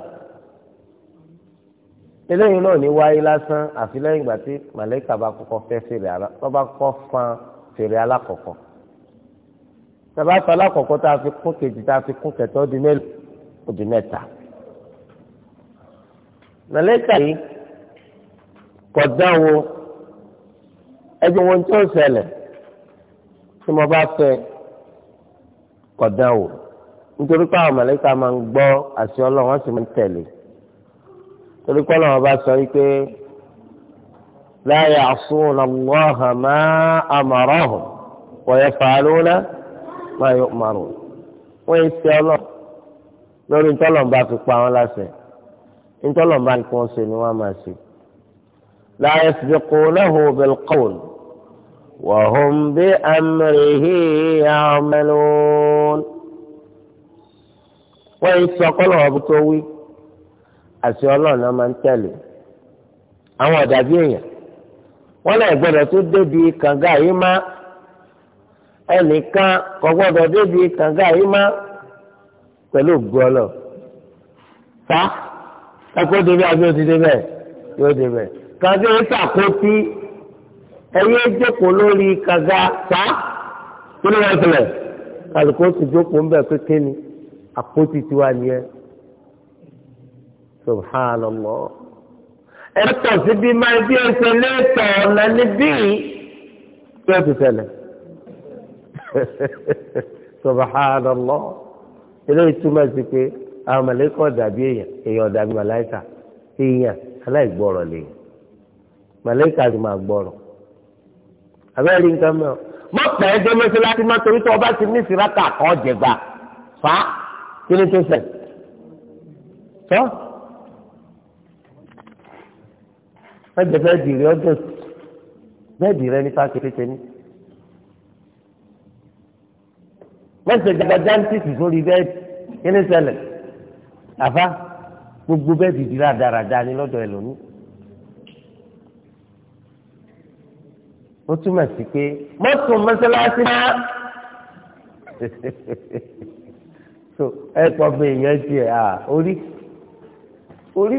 Speaker 1: eléyìí náà ní wáyé lásán àfi lẹ́yìn ìgbà tí màlẹ́kà bá kọ́kọ́ fẹ́ fèrè alá tó bá kọ́kọ́ fan fèrè alákọ̀ọ́kọ́ tàbá sọlá kọ̀kọ́ tá a fi kún kejì tá a fi kún kẹtọ́ di mélòó ó di mẹ́ta. màlẹ́kà yìí kọ̀ dánwó ẹgbẹ́ wọn tó ṣẹlẹ̀ tí mo bá fẹ́ kọ̀ dánwó nítorí pé àwọn màlẹ́kà máa ń gbọ́ àṣẹ ọlọ́run wọ́n sì máa ń tẹ̀lé torí pé ọlọ́run bá sọ wípé la ya'suna Allaha ma amarahum wa yaf'aluna máa yọ màrò wọn yìí ṣe ọlọ́run lórí ntọ́lọ́mba fi pa wọn láṣẹ ntọ́lọ́mba ni wọ́n ṣe ni wọ́n máa ṣe. la yasbiqunahu bil qawl wa hum bi amrihi ya'malun. wọ́n yìí ṣe ọkọ́lọ́ ọ̀bù tó wí àti ọlọ́run náà máa ń tẹ̀lé àwọn ọ̀dàbí èèyàn wọ́n náà gbọ́dọ̀ tó débi kànga yìí máa ẹnìkan kò gbọ́dọ̀ débi kànga yìí má pẹ̀lú gbọ́lọ̀ fa ẹ̀kọ́ débi àbí ó ti débẹ̀ yóò débẹ̀ kànga yìí sàkótí ẹ̀yẹ́ jókòó lórí kànga fa kí ló wọ́n tilẹ̀ kálukó ti jókòó ńbẹ kékeré ni àpótí tiwa nìyẹn subhanallah ẹ̀ tọ̀ síbi máa bí ẹsẹ̀ lẹ́tọ̀ọ́ náà níbí yóò ti ṣẹlẹ̀. subhanallah eléyìí túmọ̀ sí pé àwọn mọ̀lẹ́kọ̀ dàbí èèyàn èèyàn dàbí màláìkà èèyàn aláìgbọ́rọ̀ lèèyàn màláìkà sì máa gbọ́rọ̀ abẹ́rẹ́ nǹkan mọ́ mọ́ pẹ́ẹ́ dé mọ́sálásí má torí tó ọba ti ní ìsiraka kan jẹgba fa kí ni tó sẹ̀ tọ́ ẹ̀jẹ̀ bẹ́ẹ̀ dì rí ọjọ́ bẹ́ẹ̀ dì rẹ ní fásitì tẹ́ni. wọ́n ṣe jabajantis sórí bẹ́ẹ̀dì kí ni ṣẹlẹ̀ àfa gbogbo bẹ́ẹ̀dì di rádaràda ni lọ́dọ̀ ẹlòmíì. ó túmọ̀ sí pé mọ́tò mọ́sálásí máa so ẹ kọ́ bẹ́ẹ̀ yẹn tiẹ̀ à orí orí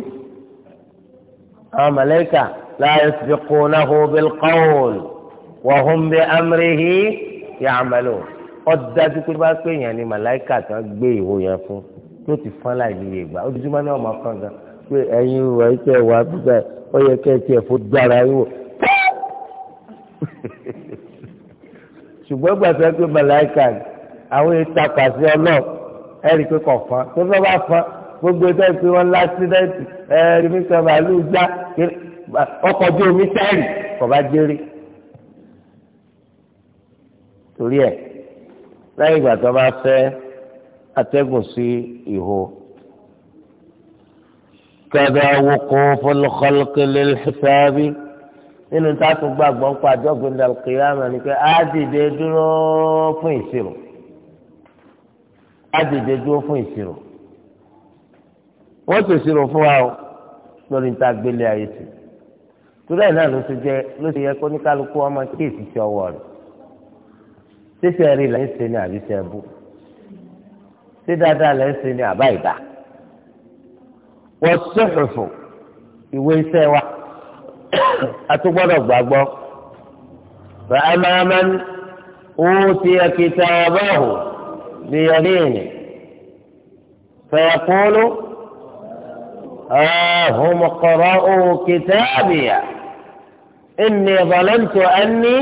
Speaker 1: àwọn mọ̀lẹ́kà la yasbiqunahu bil qawl wa hum bi amrihi ya'malun ọdájú pé bá pé èèyàn ni màláìkà tó ń gbé ìwò yẹn fún tó ti fọ́n láì níye gbà ojoojúmọ́ náà máa fọ́n gan pé ẹ̀yin wà ìkẹ́ wà bíbá ọ yẹ kẹ́ ẹ tiẹ̀ fó dára yín wò. ṣùgbọ́n gbàgbé pé màláìkà àwọn ìtakà sí ọlọ́ ẹ̀rí pé kò fọ́n tó fẹ́ bá fọ́n gbogbo ẹgbẹ́ pé wọ́n lásìdẹ́ǹtì ẹ̀rí mi sọ màálù já ọkọ̀ ojú omi sẹ́rì kò bá jẹ́rìí torí ẹ̀ lẹ́yìn ìgbà tó bá fẹ́ atẹ́gùn sí ìhó. kẹ́dọ̀ awokò fọlọ́kọ́lọ́kẹ́lẹ́ ṣáábí nínú táàtù gbàgbọ́ ń pa àjọgbìn dàlùkìyàmà ni pé á dìde dúró fún ìṣirò á dìde dúró fún ìṣirò wọ́n ti ṣirò fún wa o lórí níta gbélé ayé ti torí náà ló ti jẹ ló ti yẹ kó ní kálukú ọmọ kéèsì sí ọwọ́ rẹ̀ ṣéṣe rí lẹ́yìn ṣe ni àbí ṣe bú ṣé dáadáa lẹ́yìn ṣe ni àbá ìdá wọ́n ṣòfòfò ìwé iṣẹ́ wa àtúgbọ́dọ̀ gbàgbọ́ fàámàmán òòtì ẹ̀kìtà ọ̀bọ̀hù bìyànníìnì fẹ̀yàkúlù ọ̀hùnmọ̀kọ̀rọ̀ òkìtà àbìyà ìnì ìbọ̀lẹ́ntò ẹni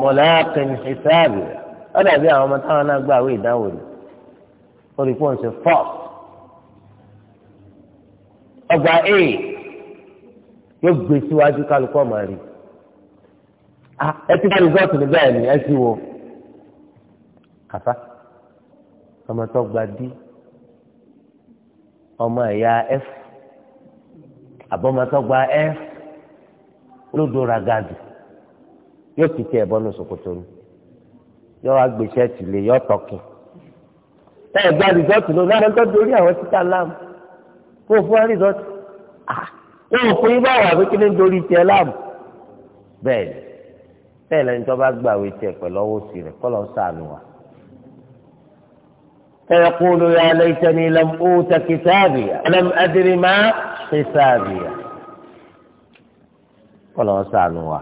Speaker 1: mọ̀láàkìn ìsáàbìyà. ó dàbí àwọn ọmọ táwọn náà gba àwọn ìdánwò rẹ̀ ó rí fóun ṣe ọgbà a yóò gbé síwájú kálukọ́ máa rí ẹ ti bá kasa nígbà yẹn ẹ ti wo kàfá ọmọ tó gba ọmọ ẹ̀yà f àbọ̀mọ f lódò ragadu yóò fi tẹ ẹ̀ yọ agbèsè tìlẹ yọ tọkìn ẹ gba rìsọ́ọ̀tì lọ lára tó dorí àwọn títà láàmù kó o fún wa rìsọ́ọ̀tì ah, ó ń fún yín bá wà pé ń dorí tiẹ̀ láàmù bẹ́ẹ̀ ni bẹ́ẹ̀ tó bá gbàwé tiẹ̀ pẹ̀lú ọwọ́ sí rẹ̀ kọ́ sànù wa. فيقول يا ليتني لم أوت كتابيا لم أدر ما حسابيا قال وسعلوا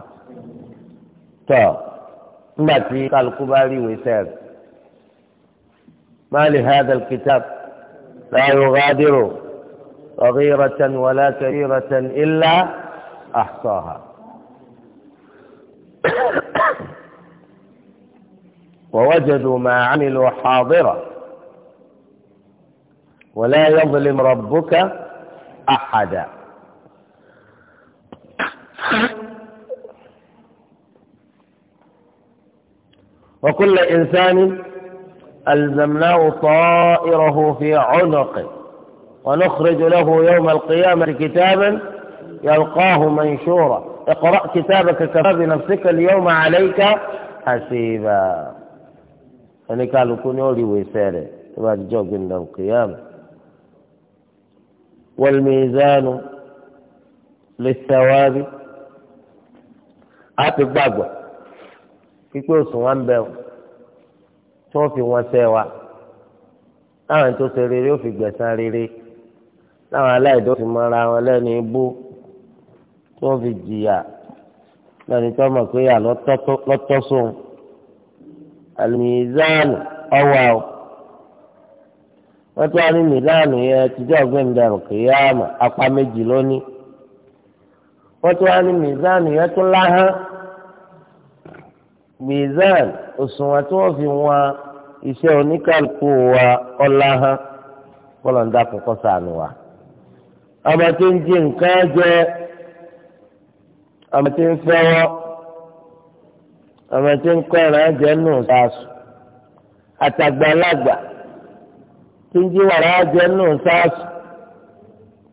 Speaker 1: تو nígbà tí kálukú bá rí ìwé sẹ́ẹ̀rì má lè hádà kìtàb
Speaker 2: láàrú gádìrò
Speaker 1: صغيرة ولا كبيرة إلا أحصاها ووجدوا ما عملوا حاضرا ولا يظلم ربك أحدا وكل إنسان ألزمناه طائره في عنقه ونخرج له يوم القيامة كتابا يلقاه منشورا اقرأ كتابك كفى بنفسك اليوم عليك حسيبا يعني قالوا كن يولي ويسارة بعد جو قلنا القيامة والميزان للثواب dijọ́ pípé òsùn wa bẹ tí fi wọn sẹ́ wa láwọn tó ṣe rere ó fi gbẹ̀san rere láwọn aláìdó fi mọ́ra wọn lẹ́nu ibú tí wọ́n fi jìyà lẹ́nu tó mọ̀ pé yà àlùmíìzánù ọwọ́ o wọ́n tún wá ní mílánù yẹn tìjọ́ gbẹ̀ndẹ̀rù kìyàmù apá méjì lónìí wọ́n tún wá ní mílánù yẹn mizan òṣùwọ̀n tí wọ́n fi wọn iṣẹ́ oníkàlùkù wa ọlá hàn kọ́lọ̀ ń dákun kọ́ sànù wa. ọmọ tí ń jí nǹkan jẹ ọmọ tí ń ọmọ tí ń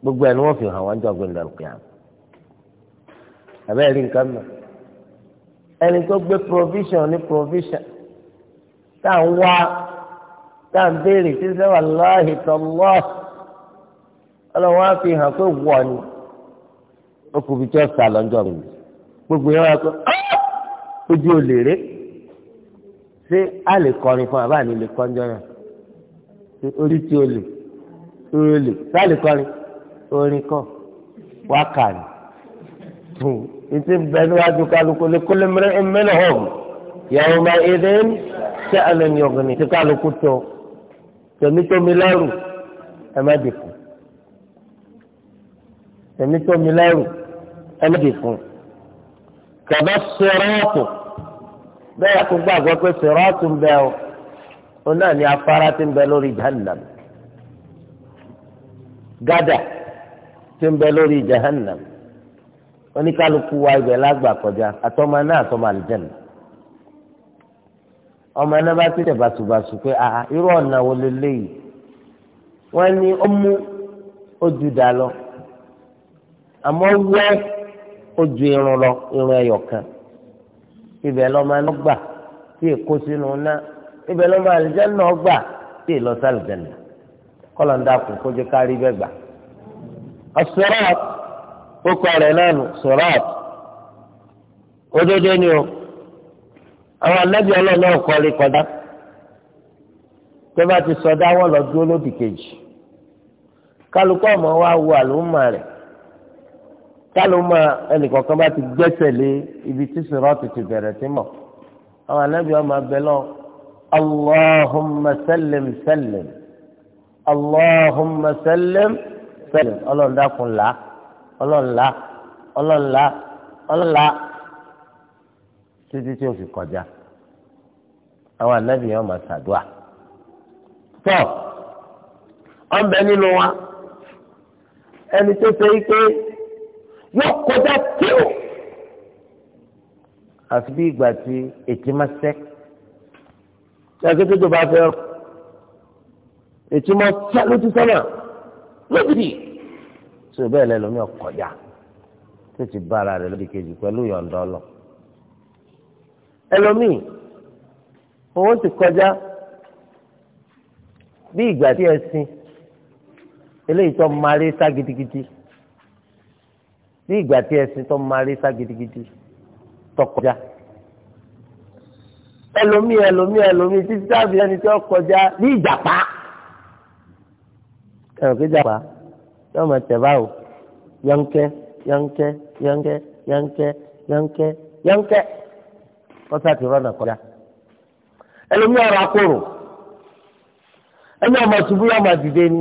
Speaker 1: gbogbo ẹ̀ ni fi hàn wọn jọ gbẹ̀ndàlùkì àná. àbẹ́rẹ́ nǹkan ẹni tó gbé provision ní provision tá à ń wá tá à ń béèrè tí sẹ́wà láàyè tó lọ́ ọlọ́wọ́n á fi hàn pé wọ̀ ni ó kù bí tí ó sà lọ́jọ́ mi gbogbo yẹn wá pé ojú ò lè rè ṣé a lè kọrin fún àbá ni lè kọ́njọ́ náà orí tí o lè o lè sá lè kọrin orin kọ wákàní ètò ìbẹnuwájú kálukú lè kólé mẹ́lẹ̀ hàn yàrá máa èdè ń ṣe àlẹ́ni ọ̀gbìnì tí kálukú tọ tẹ̀mítọ́mi lẹ́rù ẹ má dì fún tẹ̀mítọ́mi lẹ́rù ẹ má dì fún kàbá sọ̀rọ̀ọ̀tù bẹ́ẹ̀ kó gbàgbọ́ pé sọ̀rọ̀ọ̀tù ń bẹ ọ òun náà ni afárá ti ń bẹ lórí jahannam gádà ti ń bẹ lórí jahannam. oníkálukú wa ibẹ̀ lágbà kọjá àtọmọ náà àtọmọ ọmọ náà bá tẹ̀lé bàṣubàṣu pé a irú ọ̀nà wo leléyìí wọ́n ní ó mú ó dà lọ àmọ́ wẹ́ ó irun lọ irun ẹyọ kan ibẹ̀ lọ́mọ náà gbà tí èkó sínú náà ibẹ̀ lọ́mọ àlùjẹ̀nà gbà tí èlọ ó kọ rẹ̀ náà nù sọ̀rọ̀t òdodo ni o àwọn anábì ọlọ́ọ̀nà ọ̀kọ́rí kọjá tó bá ti sọdá wọ́n lọ dúró lódì kejì kálukọ́ ọmọ wa wo àlùmọ́ rẹ̀ kálùmọ́ ẹnìkọ̀ọ̀kan bá ti gbẹ́sẹ̀ lé ibi tí sọ̀rọ̀t ti bẹ̀rẹ̀ sí mọ̀ àwọn anábì ọmọ abẹ lọ allahumma sallim sallim allahumma sallim sallim ọlọ́ọ̀dà kùn làá ọlọ́ọ̀la ọlọ́ọ̀la ọlọ́ọ̀la títí tí o fi kọjá àwọn ànábì yẹn máa ṣàdúà tọ́ ọ̀nbẹ nínú wa ẹni tó ṣe ike yóò kọjá tíò àfi bí ìgbà tí ètí máa ṣẹ́ ẹgbẹ́ tó tó bá fẹ́ ètí máa ṣẹ́ lójú sọ́nà lójijì tí o bẹ́ẹ̀ lẹ́lọ́mí ọ̀kọ̀já tó ti bá ara rẹ̀ lóde kejì pẹ̀lú yọ̀ǹda ọlọ. ẹlòmíì owó ti kọjá bí ìgbà tí ẹ sin eléyìí tó máa rí sá gidigidi bí ìgbà tí ẹ sin tó máa rí sá gidigidi tó kọjá ẹlòmíì ẹlòmíì ẹlòmíì títí táàbì ẹni tí ó kọjá ní ìjàpá ẹ̀rọ kéjàpá yóò máa tẹ̀ báwo yánkẹ́ yánkẹ́ yánkẹ́ yánkẹ́ yánkẹ́ yánkẹ́ kọ́sá ti rọ́nà kọjá
Speaker 2: ẹlòmí ọ̀rọ̀ akóró
Speaker 1: ẹni ọmọ ṣubú yóò máa dìde ni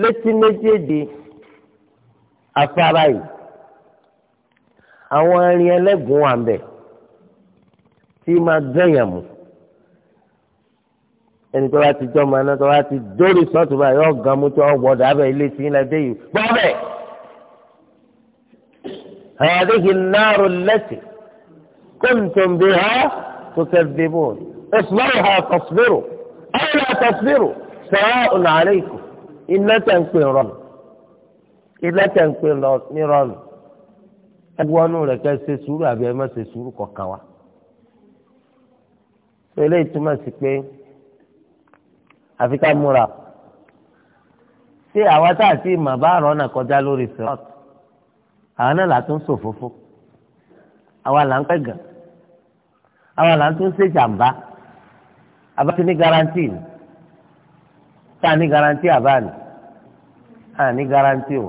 Speaker 1: létí méjèèjì afárá yìí àwọn ẹrin ẹlẹ́gùn wà ń bẹ̀ tí máa gẹ̀yàn mú ẹni tó bá ti jọ́ ọmọ náà tó bá ti dórí sọ́ọ̀tù báyìí yọ gan mú tí wọ́n wọ̀ dábẹ́ ilé sí ilẹ̀ dé yìí gbọ́ bẹ́ẹ̀. هذه النار التي كنتم بها تكذبون اصبرها تصبروا أو لا تصبروا سواء عليكم iná tẹ̀ ń pè rọ̀nù iná tẹ̀ ń pè ní rọ̀nù ẹgbọ́nú rẹ̀ kẹ́ ṣe sùúrù àbí ẹ àfi ká múra ṣé àwa tá àti ìmọ̀ bá rọ́nà kọjá lórí sirọ́t àwa náà là tún ṣòfófó àwa là ń pẹ́ gàn àwa là ń tún ṣe jàǹbá àbá ti ní garanti ni tá a ní garanti àbá ni a ní garanti o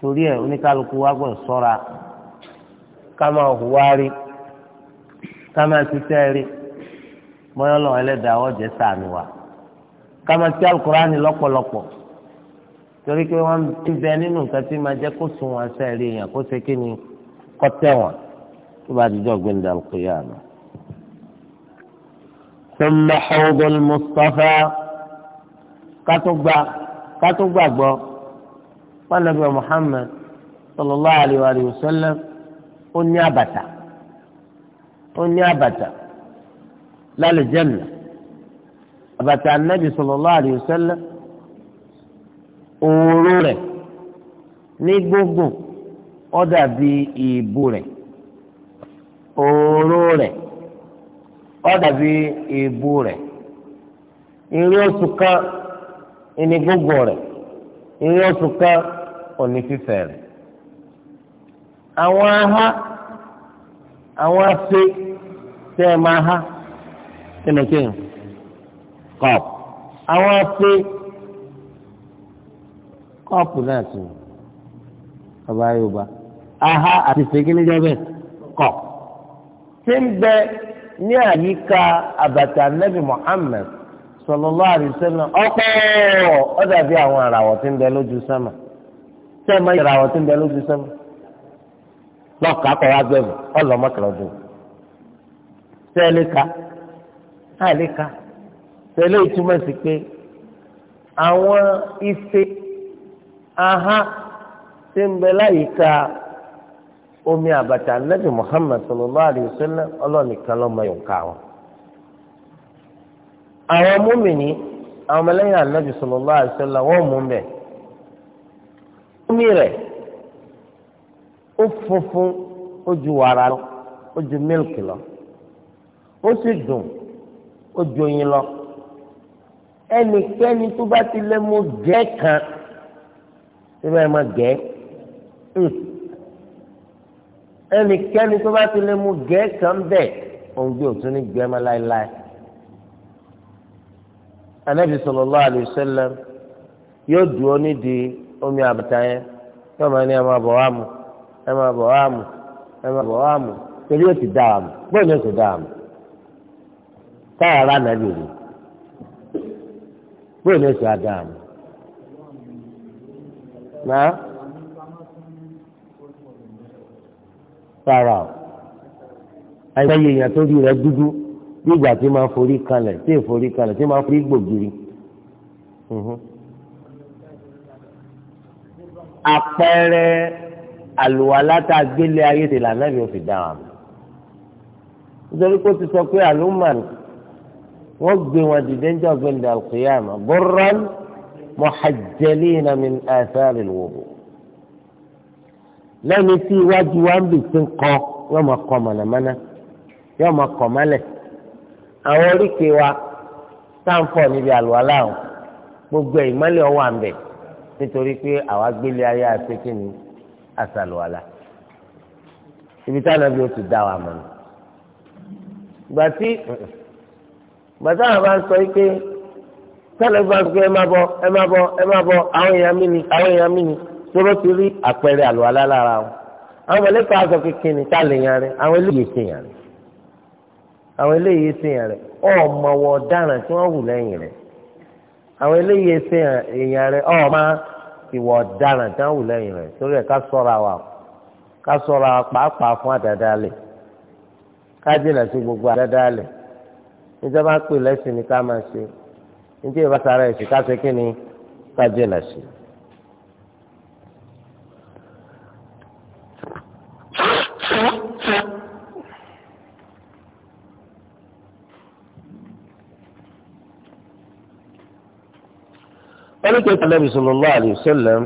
Speaker 1: torí ẹ oníkálukú wa gbọ́n sọ́ra ká máa hùwà rí ká máa ṣiṣẹ́ rí mọ́yọ́lọ́ ẹlẹ́dàá ọ̀jẹ̀ sànù wa kama ti alukurani lọ́pọ̀lọpọ̀ torí pé wọn ti bẹ nínú nǹkan tí máa jẹ kó sun wọn sẹẹrí yẹn kó ṣe ni kọ tẹwọn tó bá dijọ gbẹndé alukuyama. ثم حوض المصطفى كتب كتب والنبي محمد صلى الله عليه وآله وسلم أني أبتا أني أبتا لا للجنة àbàtà anabi sallallahu alayhi wa sallam ní gbogbo ọ dàbí ìbú rẹ̀ òòró rẹ̀ ó dàbí ìbú rẹ̀ ìrí oṣù kan ìní gbogbo rẹ̀ ìrí oṣù kan òní fífẹ̀ àwọn aha àwọn afe tẹ́ ẹ máa ha kí ni kí ni. kọ́ọ̀p àwọn pé kọ́ọ̀pù náà tún ọba yorùbá aha àti fèkínní jẹ́bẹ̀ kọ́ tí ń bẹ ní àyíká àbàtà nabi muhammed sallallahu ọ dàbí àwọn àràwọ̀ tí ń bẹ lójú sánmà tí yẹ àràwọ̀ tí ń bẹ lójú sánmà lọkà kọ wá ọlọmọkàlọdún tẹ́lẹ̀ ìtumọ̀ sí pé àwọn ife aha ti ń bẹ láyìíká omi àbàtà nẹ́bí Muhammad sallallahu alayhi wa sallam ọlọ́nìkan lọ́mọ yòókà wọn. àwọn múmìnì àwọn ọmọlẹ́yìn ànábì sallallahu alayhi wa sallam wọ́n mú bẹ̀. omi rẹ̀ ó funfun ó ju wàrà lọ ó ju mílìkì lọ ó sì dùn ó ju oyin lọ ẹnikẹ́ni tó bá ti lẹ́ mọ gẹ́ kan tó bá yẹ mọ gẹ́ hmm. ẹnikẹ́ni tó bá ti lẹ́ mọ gẹ́ kan bẹ́ẹ̀ òun gbé òtún ní gbẹ́ mọ́ láéláé. anabi sallallahu alaihi wasallam yóò dúró nídìí omi àbàtà yẹn yóò máa ní ẹ máa bọ̀ wá mu ẹ máa bọ̀ wá mu ẹ máa bọ̀ wá mu torí ó ti dá mu bóyá ó ti dá mu táyà rà nàbì rèé bóyá lè sọ àdáàmù náà fara o àìsàn yìí èèyàn tó rí rẹ dúdú bí ìgbà tí máa forí kalẹ̀ tí èèforí kalẹ̀ tí máa forí gbògiri mhm. àpẹẹrẹ àlùwàlá gbélé ayé ti náà ni ó fi dáhùn nítorí pé ó ti sọ pé àlùmọ́ọ̀nù wọ́n gbé wọn dìde ní ọ̀gbìn dàlùkìyàmà burran muhajjalina min athari alwudu lẹ́nu tí iwájú wa ń bì tí ń kọ́ yóò máa kọ́ mọ̀nàmọ́ná yóò máa kọ́ mọ́lẹ̀ àwọn oríkèé wa táǹfọ̀ níbi àlùwalá o gbogbo ìmọ́lẹ̀ ọwọ́ à nítorí pé àwa gbélé ayé àṣekí ni àṣàlùwalá ibi táwọn ẹbí ó ti dá wa mọ̀ nígbà tí. gbàtà àwọn sọ yìí pé tẹ́lẹ̀ bá sọ pé ẹ má bọ ẹ má bọ ẹ má bọ àwọn èèyàn mi ni àwọn èèyàn ni tóró ti rí àpẹẹrẹ àlùwalá lára wọn àwọn kékeré ni tá lè yan rẹ àwọn eléyìí ṣe yan rẹ àwọn eléyìí ṣe yan rẹ ọmọwọ tí rẹ àwọn eléyìí yan rẹ ọmọ ìwọ tí rẹ torí ká wa ká pàápàá fún ká níta bá pè lẹ́sìn ni ká máa ṣe níta ìbá sara ẹ̀sìn ká ṣe kí ni ká jìnà sí. wọ́n ní kí ẹ̀kọ́ sallallahu alayhi wa sallam.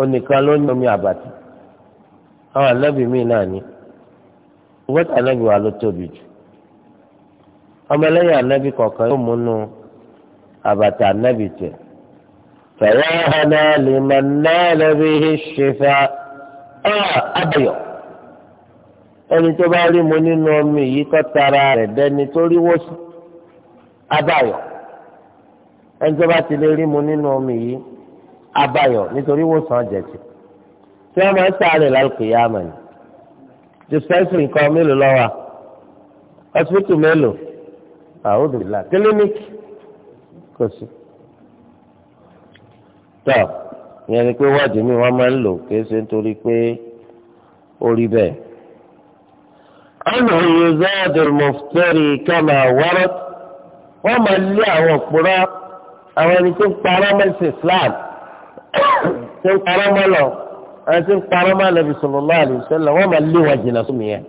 Speaker 1: onìkan ló ní omi àbàtì. àwọn anábì míì náà ni ìwọ́tà anábì wa ló tóbi jù ọmọ ẹlẹ́yìn kọ̀ọ̀kan yóò múnú àbàtà anábì tẹ̀ fẹ̀yà hànà lèmọ̀ náà lẹ́bi ṣẹfà ẹ̀ abayọ̀ ẹni tó bá rí mu nínú omi yìí kọ́ tara rẹ̀ dẹni tó rí wọ́sùn ẹni tó bá ti lè rí mu nínú omi yìí abayọ̀ nítorí tí wọ́n máa ń sáré lálùkìyàmà ni dispensary nǹkan mélòó lọ́wọ́ hospital mélòó àwòdìlá clinic kò sí. tọ́ ìyẹn ni pé wọ́ọ̀dì mi wọ́n máa ń lò kí ṣe nítorí pé ó rí bẹ́ẹ̀. ọ̀nà yuzadu muftari kama warat wọ́n máa lé àwọn òpùrọ́ àwọn ẹni tó ń parọ́ mẹ́sì Islam tó ń parọ́ mọ́ lọ àwọn tí ń parọ́ máa Nabi sallallahu alaihi wasallam wọ́n máa lé wọn jìnnà sómi yẹn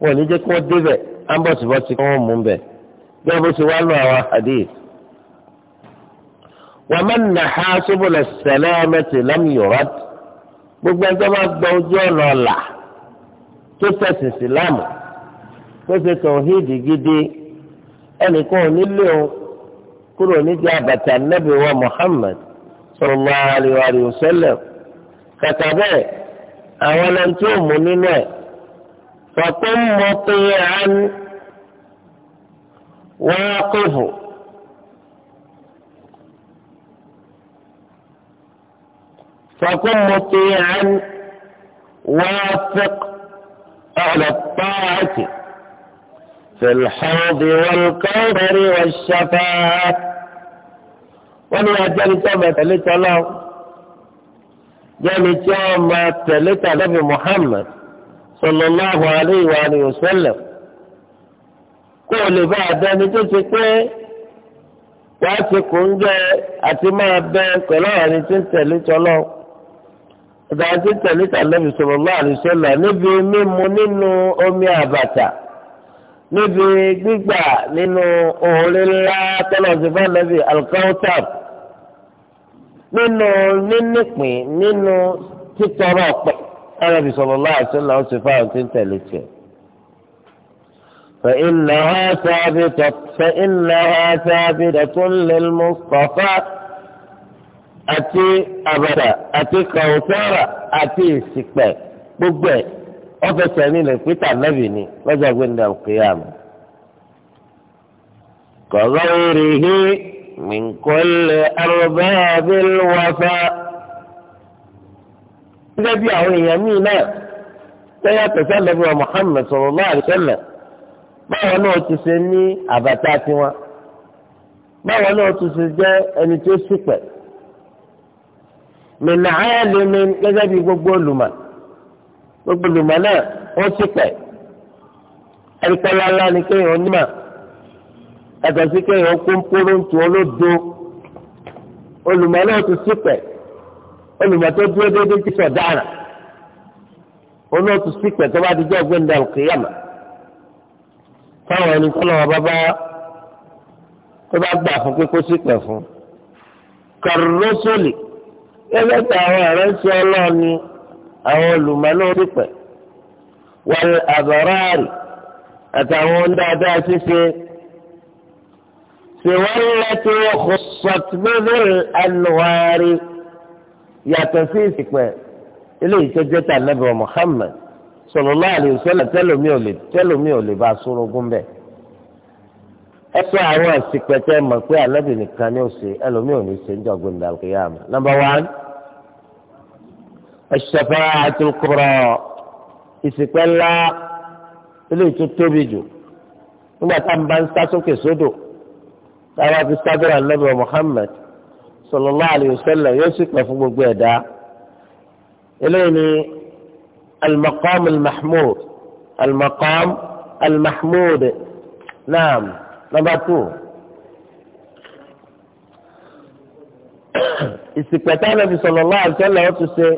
Speaker 1: wọn ò ní jẹ́ kí wọ́n débẹ̀ ambọ̀sibọ́sí kí wọ́n mú un bẹ̀ bí wọ́n bó ṣe wá lọ àwọn hadith. wa man naha subul as-salamati lam yurad gbogbo ẹjọ́ máa gbọ́ ojú ọ̀nà ọ̀la tó tẹ̀sí ìsìláàmù tó ṣe tọ̀hídì gidi ẹnìkan ò nílé o kúrò nídìí àbàtà Nabi wa Muhammad sallallahu alaihi wa sallam kàkà bẹ́ẹ̀ àwọn ẹni tí ò mú nínú ẹ̀ fọ̀tún mọ̀ pé àánú wọ́n á kó fò. فكن مطيعا وافق على الطاعة في الحوض والكوثر والشفاعة ومن أجل كما تلت له jẹ́ni tí wọ́n máa tẹ̀lé tàbí Muhammad sallallahu alayhi wa alihi wa sallam kó o lè bá àdáni tó ti pé wàá ti kò ń jẹ àti máa bẹ pẹ̀lú àwọn ẹni tí ń tẹ̀lé tọ́lọ́ ọ̀dà tí ń tẹ̀lé tàbí sallallahu alayhi wa sallam níbi mímu nínú omi àbàtà níbi gbígbà nínú òòrè ńlá tọ́lọ̀ sí fún ànábì alkautab. nínú nínípìn nínú títọrọ ọpẹ́ Ànábì sallallahu alaihi wasallam ṣe fáwọn tí ń tẹ̀lé tiẹ̀. فإنها ثابتة فإنها ثابتة للمصطفى أتي أبدا أتي كوثرة أتي سكبة بقبة أفتني لكتا نبيني وجا قلنا القيامة كغيره من كل أرباب الوفاء gẹ́gẹ́ bí àwọn èèyàn míì náà tẹ́yà tẹ̀sán lẹ́bùrọ̀ Muhammad sallallahu alaihi wasallam báwọn náà ti ṣe ní àbàtà tiwọn báwọn náà ti ṣe jẹ́ ẹni tó ṣìpẹ̀ mìnà áyàlè mi gẹ́gẹ́ bí gbogbo olùmọ̀ gbogbo olùmọ̀ náà wọ́n ṣìpẹ̀ ẹ̀rí pẹ́lá ńlá ni kéèyàn onímọ̀ ẹ̀tọ́ sí kéèyàn kó ń poro ń tu olódo olùmọ̀ náà ti sípẹ̀ olùmọ̀ tó dúró déédéé ti sọ̀dáàrà olóòtú sípẹ̀ tó bá ti jẹ́ ọ̀gbẹ́ni dàrú kéèyàmà fáwọn ẹni kọ́ lọ́wọ́ bá bá tó bá gbà fún kíkó sípẹ̀ fún kàrúrọ́sọ̀lì ẹgbẹ́ tí àwọn ọ̀rẹ́ ń ṣe ọlọ́ọ̀ni àwọn olùmọ̀ náà sípẹ̀ wọ́n àbọ̀rọ̀ àrì àtàwọn dáadáa ṣíṣe. سوى التي خصت بذي الأنوار yàtọ̀ sí ìsìnkú ẹ̀ eléyìí tó jẹ́ tànàbí wa Muhammad sallallahu alaihi wasallam tẹ́lómi ò lè tẹ́lómi ò lè bá sorogún bẹ́ẹ̀. ẹ sọ àwọn ìsìnkú ẹ̀ tẹ́ pé ànábì nìkan ni ó ẹlòmí ò ní ṣe ń jọ̀gbìn dàlùkìyàmù. number one ash-shafa'atul kubra ìsìnkú ẹ̀ ńlá eléyìí tó tóbi jù nígbà tá à ń bá ń sá sókè sódò. So táwa fi sábẹ́rẹ́ anábìrẹ́ Muhammad sallallahu alayhi wa sallam yóò sì pẹ̀ fún gbogbo ẹ̀dá eléyìí ni al-maqam al-mahmud al-maqam al-mahmud naam number two. ìsìpẹ̀tà nàbì sallallahu alayhi wa sallam wọ́n ti ṣe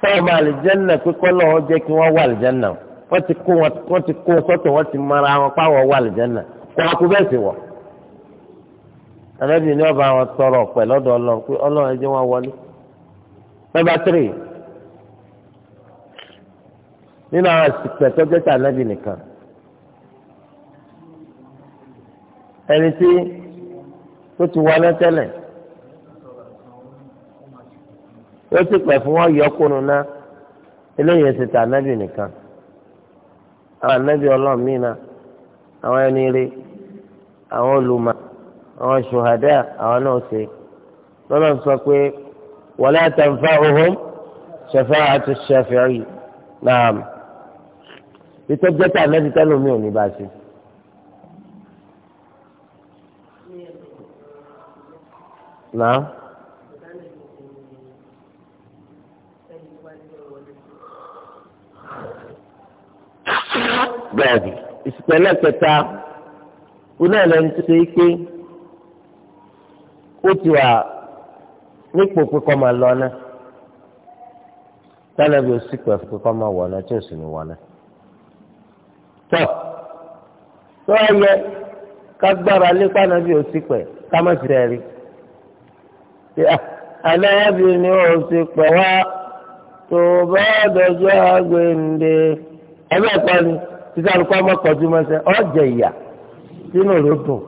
Speaker 1: fọ́ọ̀mù àlìjẹ́nà pípọ́ náà wọ́n jẹ́ kí wọ́n wà àlìjẹ́nà wọ́n ti kó wọn sọ́tọ̀ wọ́n ti mara wọn pàwọ́ wà àlìjẹ́nà kó wọn kú anabi ní ọba àwọn tọrọ pẹ lọ́dọ̀ Ọlọ́run pé Ọlọ́run ẹjẹ wọn wọlé nọ́mbà tírì nínú àwọn àsìkò tọjọ tí nìkan ẹni tí ti wọlé tẹ́lẹ̀ ó ti fún wọn eléyìí tí nìkan àwọn Ọlọ́run mìíràn àwọn àwọn ṣùhàdá àwọn náà ṣe lọ́nà sọ pé wala tanfa'uhum shafa'atu shafi'i náà ìtọ́jọ́ta ànábi tẹ́lómi ò ní bá ṣe. náà. bẹ́ẹ̀ni ìsìpẹlẹ kẹta kúnlẹ lẹni tó ṣe é pé ó ti wà nípò pípọ́ máa lọ náà tálẹ́bí ó sì pẹ̀fù pípọ́ máa wọ̀ náà tí ó sì ní wọ̀ náà. tọ́ tó a yẹ ká gbára lépa náà bí ó sì pẹ̀ ká má sì rẹ̀ rí. Ah, ànábì ni ó sì pẹ̀ wá tó bá dọjọ́ àgbèǹde ẹ̀mí ẹ̀kọ́ ni títí àlùkò ọmọ kọjú ìyà sínú ló dùn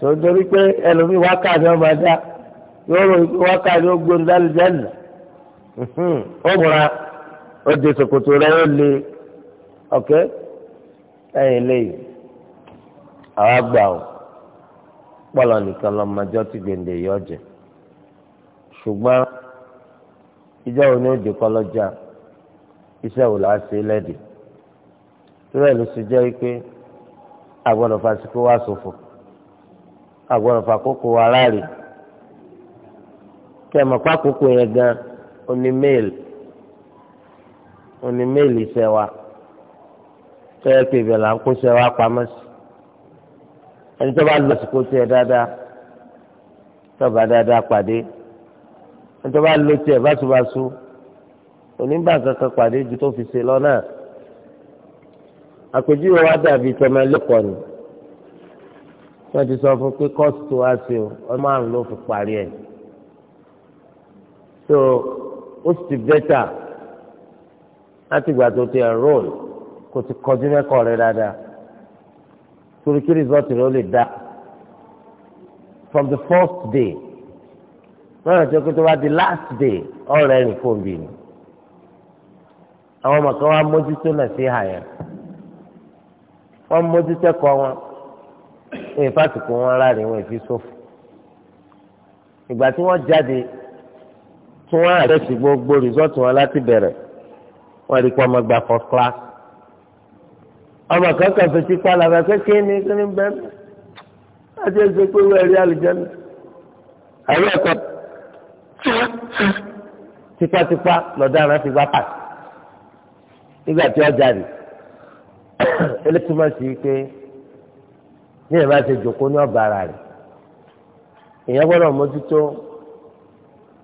Speaker 1: sọdọ́rí pé ẹlòmíì wákàtí ọmọ ẹ̀dá yóò rò pé wákàtí ó gbóni lálùjẹ́nà ó múra ó di ṣòkòtò rẹ̀ ó le ọ̀kẹ́ ẹ̀yìn lẹ́yìn àwa gbà ó pọ̀lọ̀ nìkan lọ́mọdé tí gbèǹde yọ jẹ ṣùgbọ́n ìjọ òní òde kọlọ́jà iṣẹ́ wò ṣe lẹ́dìí tí wọ́n lè ṣe jẹ́ pé àgbọ̀dọ̀ fásikó wá ṣòfò àgbọ̀rọ̀ fàkókò aráàlú kí ẹ mọ̀ pákókò yẹn gan oní méèlì oní méèlì sẹ́wà tẹ́lẹ̀ pé ibẹ̀ là ń kó sẹ́wà pamọ́ sí ẹni tó bá lọ àsìkò tiẹ̀ dáadáa tó bá dáadáa pàdé ẹni tó bá lọ tiẹ̀ báṣubàṣu onígbà kankan pàdé ju tó fi ṣe lọ náà àpèjúwe wa dàbí tọmọ ẹlẹ́kọ̀ọ́ ni wọ́n ti sọ fún pé kọ́ọ̀sì tó wá sí o ọdún márùn ló fi parí ẹ̀ so ó sì bẹ́tà láti gbà tó ti enroll kò ti kọjú mẹ́kọ̀ọ́ rẹ dáadáa torí kí rìsọ́ọ̀tì rẹ ó lè dá from the first day wọ́n yàn jẹ́ pé tó bá di last day ọ̀rẹ́ ẹ̀rìn fún mi ni àwọn ọmọ kan wá mójútó náà sí àyà wọ́n mójútó ẹ̀kọ́ wọn wọn èèfà sìkò wọn láre wọn èèfi sófò ìgbà tí wọ́n jáde tí wọ́n àrẹ́sì gbogbo rìsọ́ọ̀tì wọn láti bẹ̀rẹ̀ wọ́n rí kó ọmọ gba first class ọmọ kankan fetí pálapà kékeré ní kíni bẹ́ẹ̀ láti ẹsẹ̀ pé wọ́n rí àlùjẹ́nu àlọ́ ẹ̀kọ́ tipátipá lọ́daràn ti gbá pàṣẹ nígbà tí wọ́n jáde elétúmọ̀ sí pé ní ìbá ṣe jòkó ní ọba ara rẹ̀ èèyàn gbọ́dọ̀ mójútó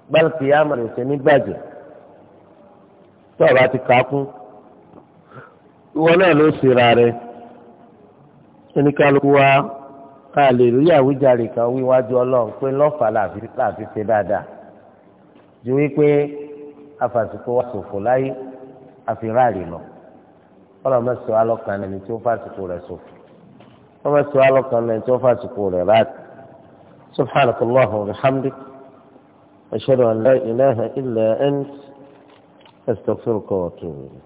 Speaker 1: gbálùkì yá màlè nígbàjẹ́ tó ti kà ìwọ náà ló ṣe ra rẹ̀ oníkálukú wa ká lè rí àwíjàre kan wíwájú ọlọ́run pé lọ́fà láàfi ṣe dáadáa ju wípé afàsìkò wa ṣòfò láyé àfi ráàlì lọ ọlọ́run mẹ́sàn-án lọ́kàn ẹni tí ó fàsìkò rẹ̀ ṣòfò. وما سؤالك أن يتوفاتك أولى بعد سبحانك الله وبحمدك أشهد أن لا إله إلا أنت أستغفرك وأتوب إليك